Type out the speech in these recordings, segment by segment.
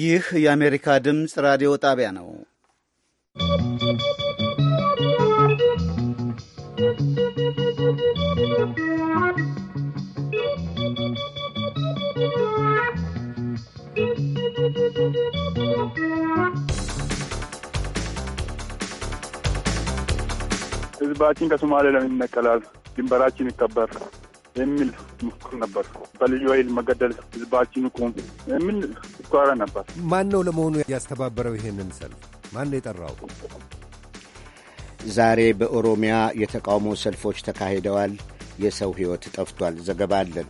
ይህ የአሜሪካ ድምፅ ራዲዮ ጣቢያ ነው። ህዝባችን ከሶማሌ ለምን ይነቀላል? ድንበራችን ይከበር። የሚል ምክር ነበር። በልዩ ኃይል መገደል ህዝባችን እኮ የሚል ፉከራ ነበር። ማን ነው ለመሆኑ ያስተባበረው ይሄንን ሰልፍ? ማን ነው የጠራው? ዛሬ በኦሮሚያ የተቃውሞ ሰልፎች ተካሂደዋል። የሰው ሕይወት ጠፍቷል። ዘገባ አለን።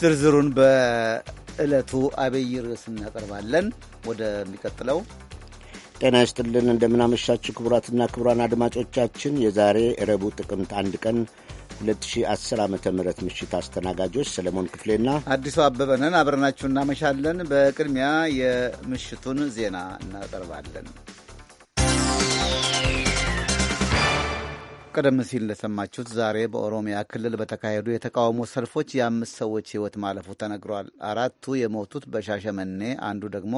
ዝርዝሩን በ ዕለቱ አብይ ርዕስ እናቀርባለን። ወደሚቀጥለው ጤና ይስጥልን። እንደምናመሻችሁ ክቡራትና ክቡራን አድማጮቻችን የዛሬ ረቡ ጥቅምት አንድ ቀን 2010 ዓ ም ምሽት አስተናጋጆች ሰለሞን ክፍሌና አዲሱ አበበንን አብረናችሁ እናመሻለን። በቅድሚያ የምሽቱን ዜና እናቀርባለን። ቀደም ሲል እንደሰማችሁት ዛሬ በኦሮሚያ ክልል በተካሄዱ የተቃውሞ ሰልፎች የአምስት ሰዎች ሕይወት ማለፉ ተነግሯል። አራቱ የሞቱት በሻሸመኔ አንዱ ደግሞ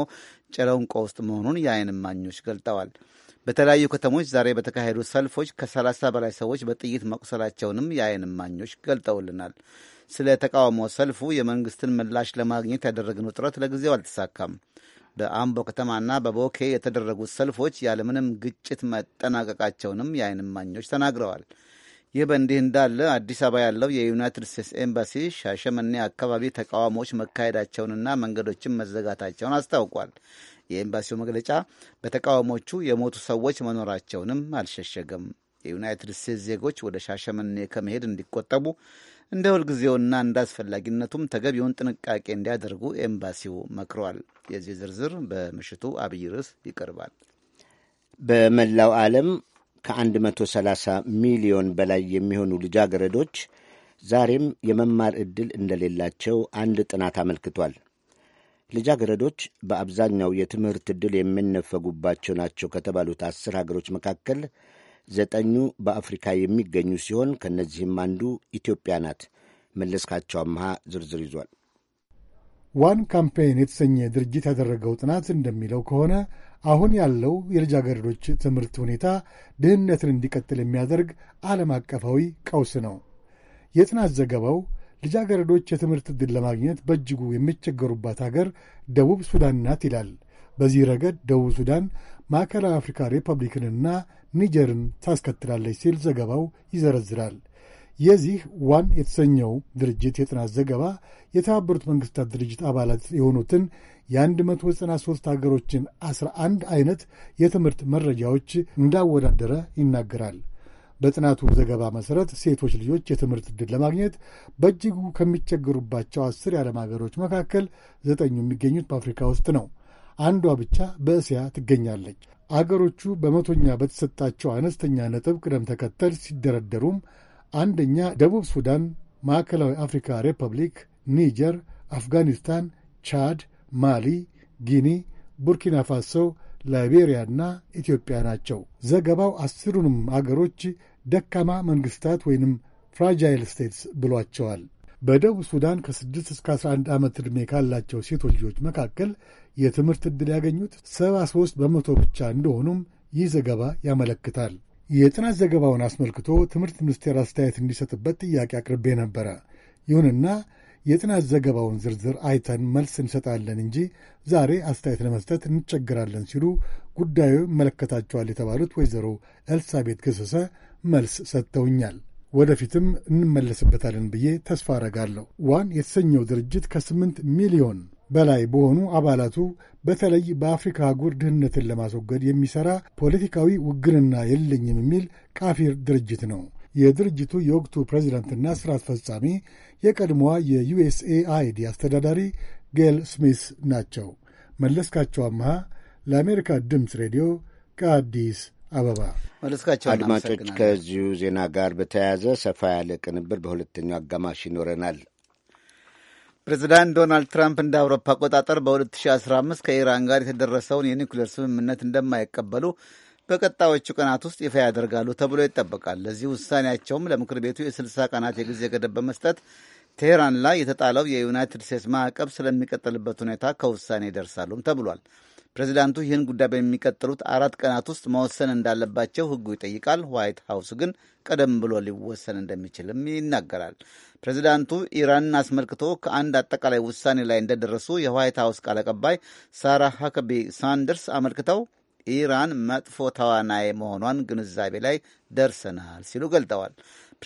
ጨለንቆ ውስጥ መሆኑን የዓይን እማኞች ገልጠዋል። በተለያዩ ከተሞች ዛሬ በተካሄዱ ሰልፎች ከ30 በላይ ሰዎች በጥይት መቁሰላቸውንም የዓይን እማኞች ገልጠውልናል። ስለ ተቃውሞ ሰልፉ የመንግስትን ምላሽ ለማግኘት ያደረግነው ጥረት ለጊዜው አልተሳካም። በአምቦ ከተማና በቦኬ የተደረጉት ሰልፎች ያለምንም ግጭት መጠናቀቃቸውንም የዓይን እማኞች ተናግረዋል። ይህ በእንዲህ እንዳለ አዲስ አበባ ያለው የዩናይትድ ስቴትስ ኤምባሲ ሻሸመኔ አካባቢ ተቃውሞዎች መካሄዳቸውንና መንገዶችን መዘጋታቸውን አስታውቋል። የኤምባሲው መግለጫ በተቃውሞቹ የሞቱ ሰዎች መኖራቸውንም አልሸሸገም። የዩናይትድ ስቴትስ ዜጎች ወደ ሻሸመኔ ከመሄድ እንዲቆጠቡ እንደ ሁልጊዜውና እንደ አስፈላጊነቱም ተገቢውን ጥንቃቄ እንዲያደርጉ ኤምባሲው መክሯል። የዚህ ዝርዝር በምሽቱ አብይ ርዕስ ይቀርባል። በመላው ዓለም ከ130 ሚሊዮን በላይ የሚሆኑ ልጃገረዶች ዛሬም የመማር ዕድል እንደሌላቸው አንድ ጥናት አመልክቷል። ልጃገረዶች በአብዛኛው የትምህርት ዕድል የሚነፈጉባቸው ናቸው ከተባሉት አስር ሀገሮች መካከል ዘጠኙ በአፍሪካ የሚገኙ ሲሆን ከእነዚህም አንዱ ኢትዮጵያ ናት። መለስካቸው አምሃ ዝርዝር ይዟል። ዋን ካምፔን የተሰኘ ድርጅት ያደረገው ጥናት እንደሚለው ከሆነ አሁን ያለው የልጃገረዶች ትምህርት ሁኔታ ድህነትን እንዲቀጥል የሚያደርግ ዓለም አቀፋዊ ቀውስ ነው። የጥናት ዘገባው ልጃገረዶች የትምህርት ዕድል ለማግኘት በእጅጉ የሚቸገሩባት አገር ደቡብ ሱዳን ናት ይላል። በዚህ ረገድ ደቡብ ሱዳን ማዕከላዊ አፍሪካ ሪፐብሊክንና ኒጀርን ታስከትላለች ሲል ዘገባው ይዘረዝራል። የዚህ ዋን የተሰኘው ድርጅት የጥናት ዘገባ የተባበሩት መንግስታት ድርጅት አባላት የሆኑትን የ193 ሀገሮችን 11 አይነት የትምህርት መረጃዎች እንዳወዳደረ ይናገራል። በጥናቱ ዘገባ መሠረት ሴቶች ልጆች የትምህርት ዕድል ለማግኘት በእጅጉ ከሚቸገሩባቸው አስር የዓለም ሀገሮች መካከል ዘጠኙ የሚገኙት በአፍሪካ ውስጥ ነው። አንዷ ብቻ በእስያ ትገኛለች። አገሮቹ በመቶኛ በተሰጣቸው አነስተኛ ነጥብ ቅደም ተከተል ሲደረደሩም አንደኛ ደቡብ ሱዳን፣ ማዕከላዊ አፍሪካ ሪፐብሊክ፣ ኒጀር፣ አፍጋኒስታን፣ ቻድ፣ ማሊ፣ ጊኒ፣ ቡርኪና ፋሶ፣ ላይቤሪያና ኢትዮጵያ ናቸው። ዘገባው አስሩንም አገሮች ደካማ መንግሥታት ወይንም ፍራጃይል ስቴትስ ብሏቸዋል። በደቡብ ሱዳን ከ6 እስከ 11 ዓመት ዕድሜ ካላቸው ሴቶች ልጆች መካከል የትምህርት ዕድል ያገኙት 73 በመቶ ብቻ እንደሆኑም ይህ ዘገባ ያመለክታል። የጥናት ዘገባውን አስመልክቶ ትምህርት ሚኒስቴር አስተያየት እንዲሰጥበት ጥያቄ አቅርቤ ነበረ። ይሁንና የጥናት ዘገባውን ዝርዝር አይተን መልስ እንሰጣለን እንጂ ዛሬ አስተያየት ለመስጠት እንቸግራለን ሲሉ ጉዳዩ ይመለከታቸዋል የተባሉት ወይዘሮ ኤልሳቤት ገሰሰ መልስ ሰጥተውኛል። ወደፊትም እንመለስበታለን ብዬ ተስፋ አረጋለሁ። ዋን የተሰኘው ድርጅት ከስምንት ሚሊዮን በላይ በሆኑ አባላቱ በተለይ በአፍሪካ አህጉር ድህነትን ለማስወገድ የሚሠራ ፖለቲካዊ ውግንና የለኝም የሚል ቃፊር ድርጅት ነው። የድርጅቱ የወቅቱ ፕሬዚዳንትና ሥራ አስፈጻሚ የቀድሞዋ የዩኤስኤ አስተዳዳሪ ጌል ስሚስ ናቸው። መለስካቸው አመሃ ለአሜሪካ ድምፅ ሬዲዮ ከአዲስ አበባ መለስካቸው። አድማጮች ከዚሁ ዜና ጋር በተያያዘ ሰፋ ያለ ቅንብር በሁለተኛው አጋማሽ ይኖረናል። ፕሬዚዳንት ዶናልድ ትራምፕ እንደ አውሮፓ አቆጣጠር በ2015 ከኢራን ጋር የተደረሰውን የኒውክሌር ስምምነት እንደማይቀበሉ በቀጣዮቹ ቀናት ውስጥ ይፋ ያደርጋሉ ተብሎ ይጠበቃል። ለዚህ ውሳኔያቸውም ለምክር ቤቱ የ60 ቀናት የጊዜ ገደብ በመስጠት ቴሄራን ላይ የተጣለው የዩናይትድ ስቴትስ ማዕቀብ ስለሚቀጥልበት ሁኔታ ከውሳኔ ይደርሳሉም ተብሏል። ፕሬዚዳንቱ ይህን ጉዳይ በሚቀጥሉት አራት ቀናት ውስጥ መወሰን እንዳለባቸው ህጉ ይጠይቃል። ዋይት ሀውስ ግን ቀደም ብሎ ሊወሰን እንደሚችልም ይናገራል። ፕሬዚዳንቱ ኢራንን አስመልክቶ ከአንድ አጠቃላይ ውሳኔ ላይ እንደደረሱ የዋይት ሀውስ ቃል አቀባይ ሳራ ሀከቢ ሳንደርስ አመልክተው ኢራን መጥፎ ተዋናይ መሆኗን ግንዛቤ ላይ ደርሰናል ሲሉ ገልጠዋል።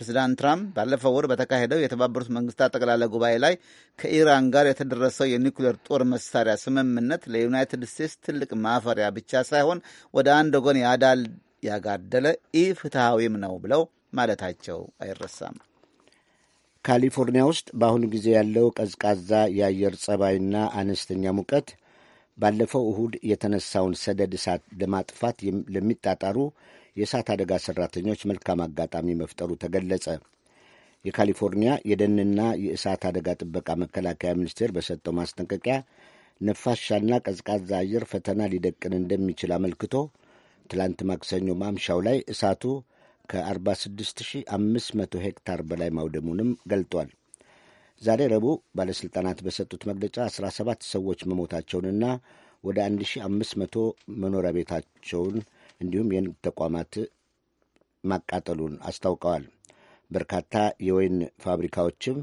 ፕሬዚዳንት ትራምፕ ባለፈው ወር በተካሄደው የተባበሩት መንግስታት ጠቅላላ ጉባኤ ላይ ከኢራን ጋር የተደረሰው የኒውክሌር ጦር መሳሪያ ስምምነት ለዩናይትድ ስቴትስ ትልቅ ማፈሪያ ብቻ ሳይሆን ወደ አንድ ጎን ያዳል ያጋደለ ኢፍትሐዊም ነው ብለው ማለታቸው አይረሳም። ካሊፎርኒያ ውስጥ በአሁኑ ጊዜ ያለው ቀዝቃዛ የአየር ጸባይና አነስተኛ ሙቀት ባለፈው እሁድ የተነሳውን ሰደድ እሳት ለማጥፋት ለሚጣጣሩ የእሳት አደጋ ሠራተኞች መልካም አጋጣሚ መፍጠሩ ተገለጸ። የካሊፎርኒያ የደንና የእሳት አደጋ ጥበቃ መከላከያ ሚኒስቴር በሰጠው ማስጠንቀቂያ ነፋሻና ቀዝቃዛ አየር ፈተና ሊደቅን እንደሚችል አመልክቶ ትላንት ማክሰኞ ማምሻው ላይ እሳቱ ከ46500 ሄክታር በላይ ማውደሙንም ገልጧል። ዛሬ ረቡዕ ባለሥልጣናት በሰጡት መግለጫ 17 ሰዎች መሞታቸውንና ወደ 1500 መኖሪያ ቤታቸውን እንዲሁም የንግድ ተቋማት ማቃጠሉን አስታውቀዋል። በርካታ የወይን ፋብሪካዎችም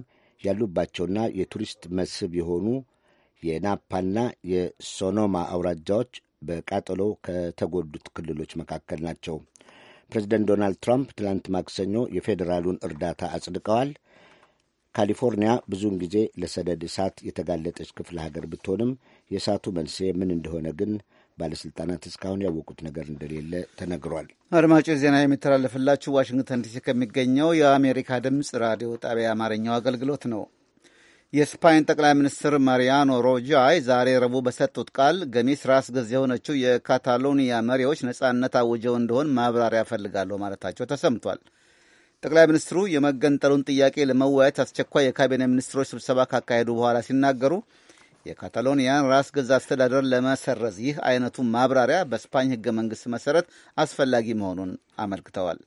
ያሉባቸውና የቱሪስት መስህብ የሆኑ የናፓና የሶኖማ አውራጃዎች በቃጠሎ ከተጎዱት ክልሎች መካከል ናቸው። ፕሬዚደንት ዶናልድ ትራምፕ ትላንት ማክሰኞ የፌዴራሉን እርዳታ አጽድቀዋል። ካሊፎርኒያ ብዙውን ጊዜ ለሰደድ እሳት የተጋለጠች ክፍለ ሀገር ብትሆንም የእሳቱ መንስኤ ምን እንደሆነ ግን ባለስልጣናት እስካሁን ያወቁት ነገር እንደሌለ ተነግሯል። አድማጮች ዜና የሚተላለፍላችሁ ዋሽንግተን ዲሲ ከሚገኘው የአሜሪካ ድምፅ ራዲዮ ጣቢያ አማርኛው አገልግሎት ነው። የስፓኝ ጠቅላይ ሚኒስትር ማሪያኖ ሮጃይ ዛሬ ረቡዕ በሰጡት ቃል ገሚስ ራስ ገዝ የሆነችው የካታሎኒያ መሪዎች ነጻነት አውጀው እንደሆን ማብራሪያ ያፈልጋሉ ማለታቸው ተሰምቷል። ጠቅላይ ሚኒስትሩ የመገንጠሉን ጥያቄ ለመወያየት አስቸኳይ የካቢኔ ሚኒስትሮች ስብሰባ ካካሄዱ በኋላ ሲናገሩ የካታሎኒያን ራስ ገዛ አስተዳደር ለመሰረዝ ይህ አይነቱ ማብራሪያ በስፓኝ ህገ መንግስት መሰረት አስፈላጊ መሆኑን አመልክተዋል።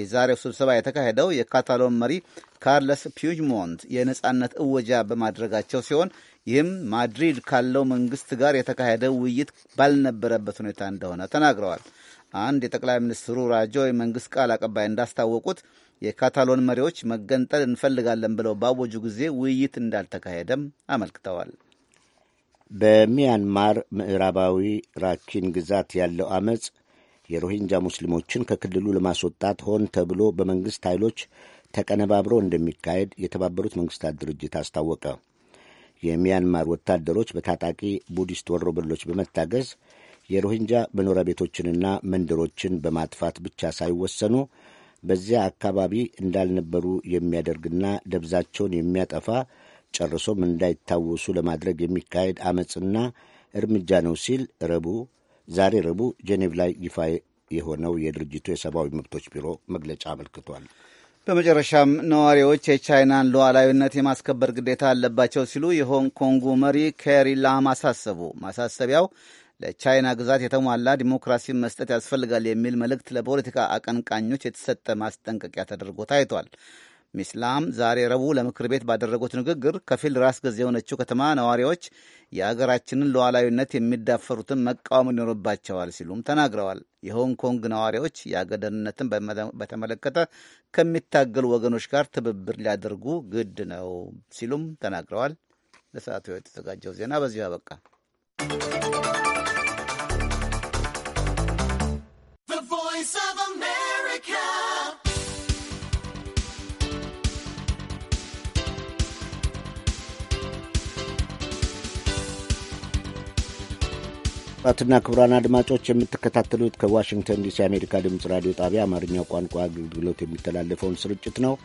የዛሬው ስብሰባ የተካሄደው የካታሎን መሪ ካርለስ ፒጅሞንት የነጻነት እወጃ በማድረጋቸው ሲሆን ይህም ማድሪድ ካለው መንግስት ጋር የተካሄደ ውይይት ባልነበረበት ሁኔታ እንደሆነ ተናግረዋል። አንድ የጠቅላይ ሚኒስትሩ ራጆይ መንግስት ቃል አቀባይ እንዳስታወቁት የካታሎን መሪዎች መገንጠል እንፈልጋለን ብለው ባወጁ ጊዜ ውይይት እንዳልተካሄደም አመልክተዋል። በሚያንማር ምዕራባዊ ራኪን ግዛት ያለው አመፅ የሮሂንጃ ሙስሊሞችን ከክልሉ ለማስወጣት ሆን ተብሎ በመንግሥት ኃይሎች ተቀነባብሮ እንደሚካሄድ የተባበሩት መንግሥታት ድርጅት አስታወቀ። የሚያንማር ወታደሮች በታጣቂ ቡዲስት ወሮበሎች በመታገዝ የሮሂንጃ መኖሪያ ቤቶችንና መንደሮችን በማጥፋት ብቻ ሳይወሰኑ በዚያ አካባቢ እንዳልነበሩ የሚያደርግና ደብዛቸውን የሚያጠፋ ጨርሶም እንዳይታወሱ ለማድረግ የሚካሄድ አመፅና እርምጃ ነው ሲል ረቡ ዛሬ ረቡ ጄኔቭ ላይ ይፋ የሆነው የድርጅቱ የሰብአዊ መብቶች ቢሮ መግለጫ አመልክቷል። በመጨረሻም ነዋሪዎች የቻይናን ሉዓላዊነት የማስከበር ግዴታ አለባቸው ሲሉ የሆንግ ኮንጉ መሪ ኬሪ ላም አሳሰቡ። ማሳሰቢያው ለቻይና ግዛት የተሟላ ዲሞክራሲን መስጠት ያስፈልጋል የሚል መልእክት ለፖለቲካ አቀንቃኞች የተሰጠ ማስጠንቀቂያ ተደርጎ ታይቷል። ሚስላም ዛሬ ረቡዕ ለምክር ቤት ባደረጉት ንግግር ከፊል ራስ ገዝ የሆነችው ከተማ ነዋሪዎች የአገራችንን ሉዓላዊነት የሚዳፈሩትን መቃወም ይኖርባቸዋል ሲሉም ተናግረዋል። የሆንግ ኮንግ ነዋሪዎች የአገደንነትን በተመለከተ ከሚታገሉ ወገኖች ጋር ትብብር ሊያደርጉ ግድ ነው ሲሉም ተናግረዋል። ለሰዓቱ የተዘጋጀው ዜና በዚሁ አበቃ። ክቡራትና ክቡራን አድማጮች የምትከታተሉት ከዋሽንግተን ዲሲ የአሜሪካ ድምፅ ራዲዮ ጣቢያ አማርኛው ቋንቋ አገልግሎት የሚተላለፈውን ስርጭት ነው።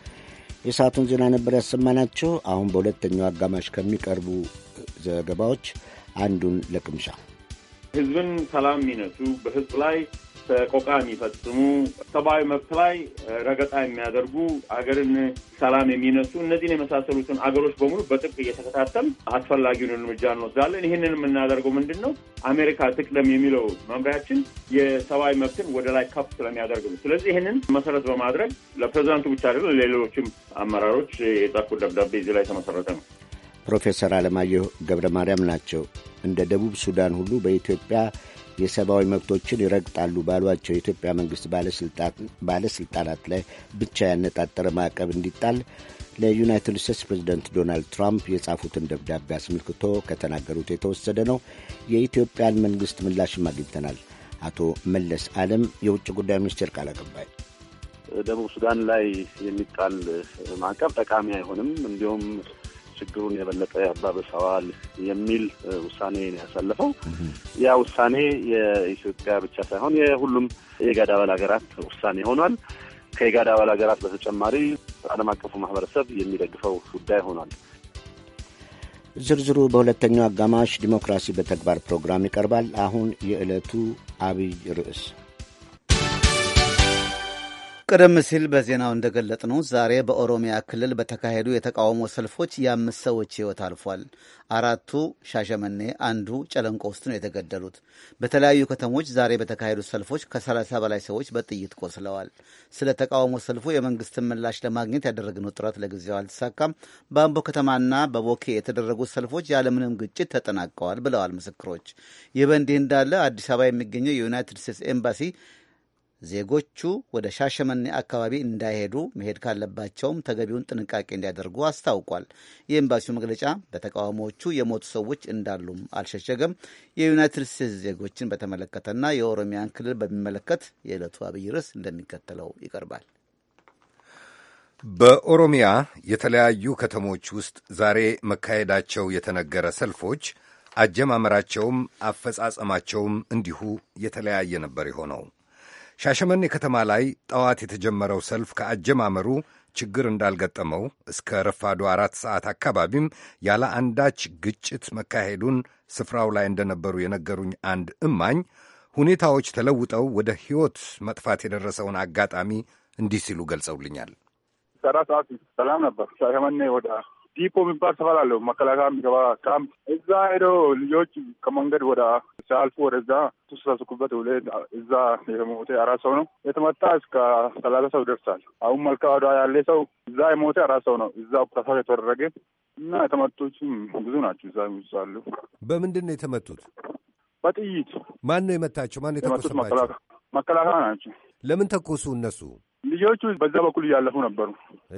የሰዓቱን ዜና ነበር ያሰማናችሁ። አሁን በሁለተኛው አጋማሽ ከሚቀርቡ ዘገባዎች አንዱን ለቅምሻ ህዝብን ሰላም የሚነሱ በህዝብ ላይ ሰቆቃ የሚፈጽሙ ሰብአዊ መብት ላይ ረገጣ የሚያደርጉ አገርን ሰላም የሚነሱ እነዚህን የመሳሰሉትን አገሮች በሙሉ በጥብቅ እየተከታተል አስፈላጊውን እርምጃ እንወስዳለን። ይህንን የምናደርገው ምንድን ነው? አሜሪካ ትቅደም የሚለው መምሪያችን የሰብአዊ መብትን ወደ ላይ ከፍ ስለሚያደርግ ነው። ስለዚህ ይህንን መሰረት በማድረግ ለፕሬዚዳንቱ ብቻ አይደለም፣ ለሌሎችም አመራሮች የጻፍኩት ደብዳቤ እዚህ ላይ የተመሰረተ ነው። ፕሮፌሰር አለማየሁ ገብረ ማርያም ናቸው። እንደ ደቡብ ሱዳን ሁሉ በኢትዮጵያ የሰብአዊ መብቶችን ይረግጣሉ ባሏቸው የኢትዮጵያ መንግሥት ባለሥልጣናት ላይ ብቻ ያነጣጠረ ማዕቀብ እንዲጣል ለዩናይትድ ስቴትስ ፕሬዚደንት ዶናልድ ትራምፕ የጻፉትን ደብዳቤ አስመልክቶ ከተናገሩት የተወሰደ ነው። የኢትዮጵያን መንግሥት ምላሽም አግኝተናል። አቶ መለስ አለም የውጭ ጉዳይ ሚኒስቴር ቃል አቀባይ ደቡብ ሱዳን ላይ የሚጣል ማዕቀብ ጠቃሚ አይሆንም፣ እንዲሁም ችግሩን የበለጠ ያባበሰዋል የሚል ውሳኔ ነው ያሳለፈው። ያ ውሳኔ የኢትዮጵያ ብቻ ሳይሆን የሁሉም የኢጋድ አባል ሀገራት ውሳኔ ሆኗል። ከኢጋድ አባል ሀገራት በተጨማሪ ዓለም አቀፉ ማህበረሰብ የሚደግፈው ጉዳይ ሆኗል። ዝርዝሩ በሁለተኛው አጋማሽ ዲሞክራሲ በተግባር ፕሮግራም ይቀርባል። አሁን የዕለቱ አብይ ርዕስ ቀደም ሲል በዜናው ነው። ዛሬ በኦሮሚያ ክልል በተካሄዱ የተቃውሞ ሰልፎች የአምስት ሰዎች ሕይወት አልፏል። አራቱ ሻሸመኔ፣ አንዱ ጨለንቆ ውስጥ ነው የተገደሉት። በተለያዩ ከተሞች ዛሬ በተካሄዱ ሰልፎች ከ30 በላይ ሰዎች በጥይት ቆስለዋል። ስለ ተቃውሞ ሰልፉ የመንግስትን ምላሽ ለማግኘት ያደረግነው ጥረት ለጊዜው አልተሳካም። በአምቦ ከተማና በቦኬ የተደረጉ ሰልፎች ያለምንም ግጭት ተጠናቀዋል ብለዋል ምስክሮች። ይህ በእንዲህ እንዳለ አዲስ አበባ የሚገኘው የዩናይትድ ስቴትስ ኤምባሲ ዜጎቹ ወደ ሻሸመኔ አካባቢ እንዳይሄዱ መሄድ ካለባቸውም ተገቢውን ጥንቃቄ እንዲያደርጉ አስታውቋል። የኤምባሲው መግለጫ በተቃውሞዎቹ የሞቱ ሰዎች እንዳሉም አልሸሸገም። የዩናይትድ ስቴትስ ዜጎችን በተመለከተና የኦሮሚያን ክልል በሚመለከት የዕለቱ አብይ ርዕስ እንደሚከተለው ይቀርባል። በኦሮሚያ የተለያዩ ከተሞች ውስጥ ዛሬ መካሄዳቸው የተነገረ ሰልፎች አጀማመራቸውም አፈጻጸማቸውም እንዲሁ የተለያየ ነበር የሆነው። ሻሸመኔ ከተማ ላይ ጠዋት የተጀመረው ሰልፍ ከአጀማመሩ ችግር እንዳልገጠመው እስከ ረፋዱ አራት ሰዓት አካባቢም ያለ አንዳች ግጭት መካሄዱን ስፍራው ላይ እንደነበሩ የነገሩኝ አንድ እማኝ ሁኔታዎች ተለውጠው ወደ ሕይወት መጥፋት የደረሰውን አጋጣሚ እንዲህ ሲሉ ገልጸውልኛል። ሰራ ሰዓት ሰላም ነበር። ሻሸመኔ ወደ ዲፖ የሚባል ሰፈር አለው መከላከያ የሚገባ ካምፕ እዛ ሄዶ ልጆች ከመንገድ ወደ ሲያልፉ ወደዛ ተሰብስኩበት ብሎ እዛ የሞተ አራት ሰው ነው የተመታ። እስከ ሰላሳ ሰው ደርሳል። አሁን መልካ ያለ ሰው እዛ የሞተ አራት ሰው ነው እዛ ኦፕራሳት የተደረገ እና የተመቶችም ብዙ ናቸው። እዛ የሚውስ በምንድን ነው የተመቱት? በጥይት። ማን ነው የመታቸው? ማን ነው መከላከያ ናቸው። ለምን ተኮሱ እነሱ? ልጆቹ በዛ በኩል እያለፉ ነበሩ።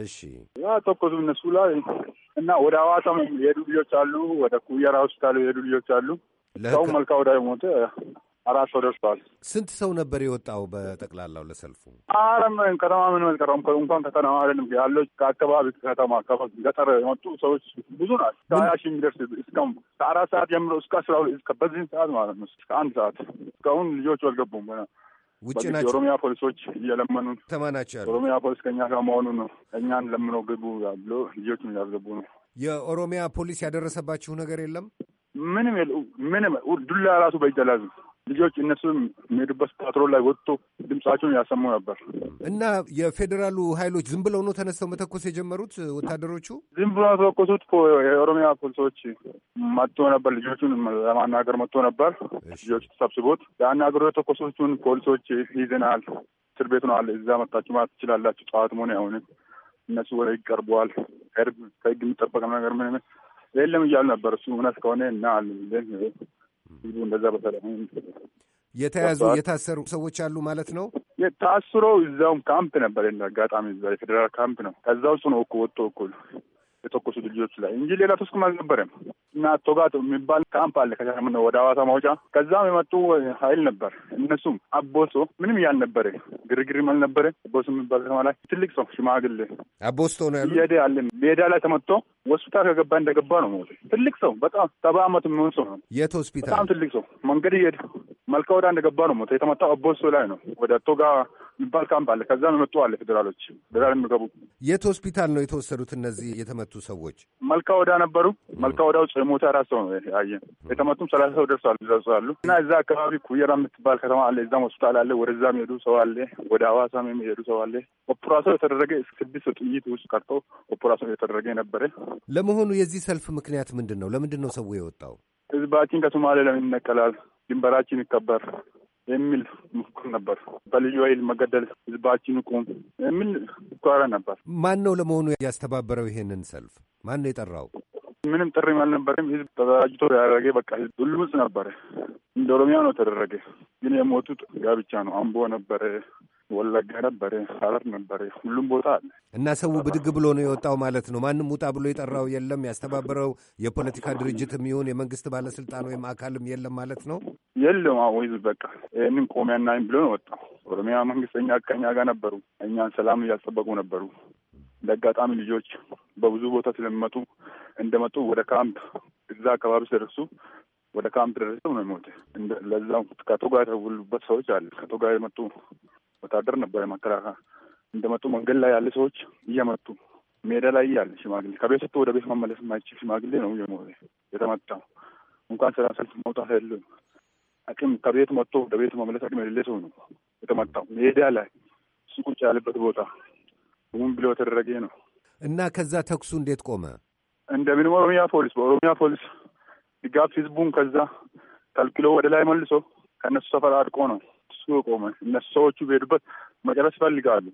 እሺ ያ ተኮሱ እነሱ ላይ እና ወደ ሐዋሳም የሄዱ ልጆች አሉ። ወደ ኩየራ ሆስፒታል የሄዱ ልጆች አሉ። ሰው መልካ ወዳ ሞተ። አራት ሰው ደርሷል። ስንት ሰው ነበር የወጣው በጠቅላላው ለሰልፉ? አረም ከተማ ምን መልቀረም እንኳን ከተማ አይደለም ያለው ከአካባቢ ከተማ ገጠር የመጡ ሰዎች ብዙ ናቸው። ከሀያ ሺህ የሚደርስ እስካሁን ከአራት ሰዓት ጀምሮ እስከ አስራ ሁለት በዚህ ሰዓት ማለት ነው እስከ አንድ ሰዓት እስካሁን ልጆቹ አልገቡም። ውጭ ናቸው። የኦሮሚያ ፖሊሶች እየለመኑ ከተማ ናቸው ያሉ ኦሮሚያ ፖሊስ ከኛ ጋር መሆኑ ነው። እኛን ለምነው ግቡ ብሎ ልጆች እያስገቡ ነው። የኦሮሚያ ፖሊስ ያደረሰባችሁ ነገር የለም? ምንም ምንም ዱላ ራሱ በእጅ አልያዙም። ልጆች እነሱም የሚሄዱበት ፓትሮል ላይ ወጥቶ ድምጻቸውን ያሰሙ ነበር እና የፌዴራሉ ኃይሎች ዝም ብለው ነው ተነስተው መተኮስ የጀመሩት። ወታደሮቹ ዝም ብለው ተኮሱት። የኦሮሚያ ፖሊሶች መጥቶ ነበር፣ ልጆቹን ለማናገር መጥቶ ነበር። ልጆቹ ተሰብስቦት የአናገሩ የተኮሶቹን ፖሊሶች ይዘናል፣ እስር ቤት ነው አለ። እዛ መታችሁ ማለት ትችላላችሁ። ጠዋት መሆን አይሆንም፣ እነሱ ወደ ህግ ቀርበዋል። ከህግ የሚጠበቅ ነገር ምን የለም እያሉ ነበር። እሱ እውነት ከሆነ እና አለ ህዝቡ እንደዛ በሰላም የተያዙ የታሰሩ ሰዎች አሉ ማለት ነው። የታስሮ እዛውም ካምፕ ነበር አጋጣሚ፣ እዛ የፌዴራል ካምፕ ነው። ከዛ ውስጥ ነው እኮ ወጥቶ እኮ የተኮሱ ድርጅቶች ላይ እንጂ ሌላ ተኩስም አልነበረም። እና ቶጋቶ የሚባል ካምፕ አለ ከሻሸመኔ ወደ አዋሳ ማውጫ፣ ከዛም የመጡ ሀይል ነበር። እነሱም አቦሶ ምንም ያልነበረ ግርግርም አልነበረ። አቦሶ የሚባል ከተማ ላይ ትልቅ ሰው ሽማግሌ አቦስቶ ነው ያሉ ሜዳ አለ። ሜዳ ላይ ተመጥቶ ሆስፒታል ከገባ እንደገባ ነው ሞት። ትልቅ ሰው በጣም ሰባ አመት የሚሆን ሰው ነው። የት ሆስፒታል? በጣም ትልቅ ሰው መንገድ እየሄደ መልካ ወዳ እንደገባ ነው ሞት። የተመጣው አቦሶ ላይ ነው ወደ ቶጋ የሚባል ካምፕ አለ። ከዛ ነው መጡ አለ ፌዴራሎች ፌዴራል የሚገቡት። የት ሆስፒታል ነው የተወሰዱት እነዚህ የተመቱ ሰዎች? መልካ ወዳ ነበሩ። መልካ ወዳ ውጭ የሞተ አራት ሰው ነው ያየ። የተመቱም ሰላሳ ሰው ደርሷል ደርሷሉ። እና እዛ አካባቢ ኩየራ የምትባል ከተማ አለ። እዛም ሆስፒታል አለ። ወደዛም ሄዱ ሰው አለ። ወደ አዋሳም የሚሄዱ ሰው አለ። ኦፕራሲዮን የተደረገ ስድስት ጥይት ውስጥ ቀርቶ ኦፕራሲዮን የተደረገ ነበረ። ለመሆኑ የዚህ ሰልፍ ምክንያት ምንድን ነው? ለምንድን ነው ሰው የወጣው? ህዝባችን ከሶማሌ ለምን ይነቀላል? ድንበራችን ይከበር፣ የሚል ምክር ነበር። በልዩ ኃይል መገደል ህዝባችን ቁም የሚል ጓራ ነበር። ማን ነው ለመሆኑ ያስተባበረው ይሄንን ሰልፍ? ማን ነው የጠራው? ምንም ጥሪ አልነበረም። ህዝብ ተደራጅቶ ያደረገ በቃ ህዝብ ሁሉም ነበረ። እንደ ኦሮሚያ ነው ተደረገ። ግን የሞቱት ጋብቻ ነው። አምቦ ነበረ፣ ወለጋ ነበር፣ ሀረር ነበር፣ ሁሉም ቦታ አለ እና ሰው ብድግ ብሎ ነው የወጣው ማለት ነው። ማንም ውጣ ብሎ የጠራው የለም፣ ያስተባበረው የፖለቲካ ድርጅትም ይሁን የመንግስት ባለስልጣን ወይም አካልም የለም ማለት ነው። የለም ወይዝ በቃ ይህንን ቆሚያና ብሎ ነው ወጣው። ኦሮሚያ መንግስት እኛ ከኛ ጋር ነበሩ፣ እኛን ሰላም እያስጠበቁ ነበሩ። ለአጋጣሚ ልጆች በብዙ ቦታ ስለሚመጡ እንደመጡ ወደ ካምፕ እዛ አካባቢ ሲደርሱ ወደ ካምፕ ደረሰው ነው ሞት። ለዛ ከቶ ጋር የተውሉበት ሰዎች አለ ከቶ ጋር የመጡ ወታደር ነበር መከላከያ እንደመጡ መንገድ ላይ ያለ ሰዎች እየመጡ ሜዳ ላይ ያለ ሽማግሌ ከቤት ሰጥቶ ወደ ቤት መመለስ የማይችል ሽማግሌ ነው የተመጣው። እንኳን ስራ ሰልፍ መውጣት ያለ አቅም ከቤት መጥቶ ወደ ቤት መመለስ አቅም የሌለ ሰው ነው የተመጣው። ሜዳ ላይ እሱ ቁጭ ያለበት ቦታ ሁም ብሎ ተደረገ ነው እና ከዛ ተኩሱ እንዴት ቆመ? እንደምንም ኦሮሚያ ፖሊስ በኦሮሚያ ፖሊስ ድጋፍ ህዝቡን ከዛ ከልክሎ ወደ ላይ መልሶ ከእነሱ ሰፈር አድቆ ነው ቆመ። እነሱ ሰዎቹ በሄዱበት መጨረስ ይፈልጋሉ።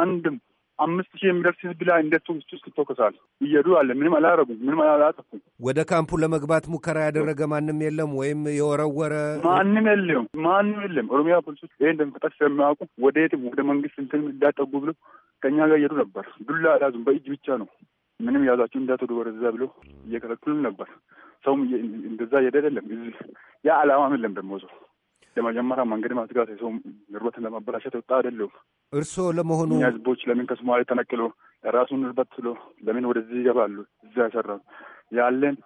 አንድም አምስት ሺህ የሚደርስ ህዝብ ላይ እንደ ቱሪስት ውስጥ ይተኮሳል። እየሄዱ አለ። ምንም አላረጉም። ምንም አላጠፉ። ወደ ካምፑ ለመግባት ሙከራ ያደረገ ማንም የለም፣ ወይም የወረወረ ማንም የለም። ማንም የለም። ኦሮሚያ ፖሊሶች ይህ እንደሚፈጠር ስለሚያውቁ ወደ የትም ወደ መንግስት እንትን እንዳጠጉ ብሎ ከኛ ጋር እየሄዱ ነበር። ዱላ አላዙም። በእጅ ብቻ ነው። ምንም ያዟቸው እንዳትወዱ ወደዛ ብሎ እየከለክሉን ነበር። ሰውም እንደዛ እየሄደ አይደለም። ያ አላማም የለም ደግሞ ሰው ለመጀመሪያ መንገድ ማስጋት የሰው ንርበትን ለማበላሸት የወጣ አይደሉም። እርስዎ ለመሆኑ እኛ ህዝቦች ለምን ከሶማሌ ተነቅሎ ራሱን ንርበት ስሎ ለምን ወደዚህ ይገባሉ? እዛ ያሰራ ያለን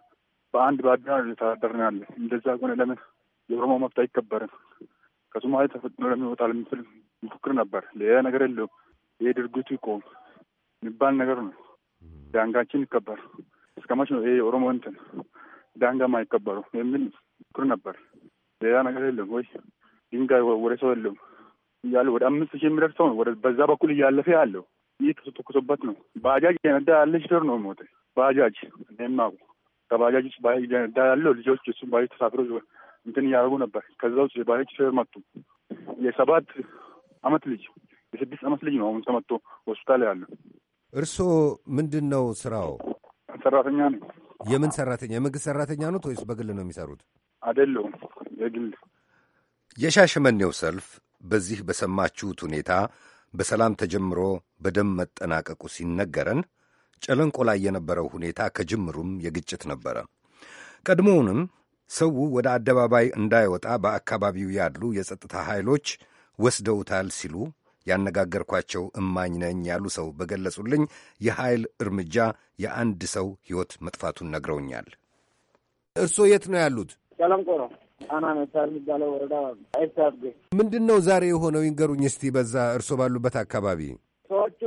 በአንድ ባድና የተዳደርን ያለ እንደዛ ከሆነ ለምን የኦሮሞ መብት አይከበርም? ከሶማሌ ተፈጥኖ ለምን ለሚፍል የሚል ነበር። ሌላ ነገር የለውም። ይሄ ድርጊቱ ይቆም የሚባል ነገር ነው። ዳንጋችን ይከበር እስከ መች ነው ይሄ የኦሮሞ እንትን ዳንጋ ማይከበሩ የሚል ምክር ነበር። ሌላ ነገር የለም ወይ ድንጋይ ወደ ሰው የለም እያለ ወደ አምስት ሺህ የሚደርሰው ነው በዛ በኩል እያለፈ ያለው ይህ ተተኩሶበት ነው። ባጃጅ የነዳ ያለ ሽር ነው ሞተ። ባጃጅ ማቁ ከባጃጅ ውስጥ ባጃጅ የነዳ ያለው ልጆች እሱ ባጃጅ ተሳፍሮ እንትን እያደረጉ ነበር። ከዛ ውስጥ የባጃጅ ሽር መጡ። የሰባት አመት ልጅ የስድስት አመት ልጅ ነው አሁን ተመቶ ሆስፒታል ያለ። እርስዎ ምንድን ነው ስራው? ሰራተኛ ነው። የምን ሰራተኛ? የመንግስት ሰራተኛ ነው ወይስ በግል ነው የሚሰሩት? አይደለሁም የግል የሻሸመኔው ሰልፍ በዚህ በሰማችሁት ሁኔታ በሰላም ተጀምሮ በደም መጠናቀቁ ሲነገረን ጨለንቆ ላይ የነበረው ሁኔታ ከጅምሩም የግጭት ነበረ። ቀድሞውንም ሰው ወደ አደባባይ እንዳይወጣ በአካባቢው ያሉ የጸጥታ ኃይሎች ወስደውታል ሲሉ ያነጋገርኳቸው እማኝ ነኝ ያሉ ሰው በገለጹልኝ የኃይል እርምጃ የአንድ ሰው ሕይወት መጥፋቱን ነግረውኛል። እርስዎ የት ነው ያሉት? ጨለንቆ ነው። ጣና መቻ የሚባለው ወረዳ አይሳብ ምንድን ነው ዛሬ የሆነው ይንገሩኝ እስቲ። በዛ እርሶ ባሉበት አካባቢ ሰዎቹ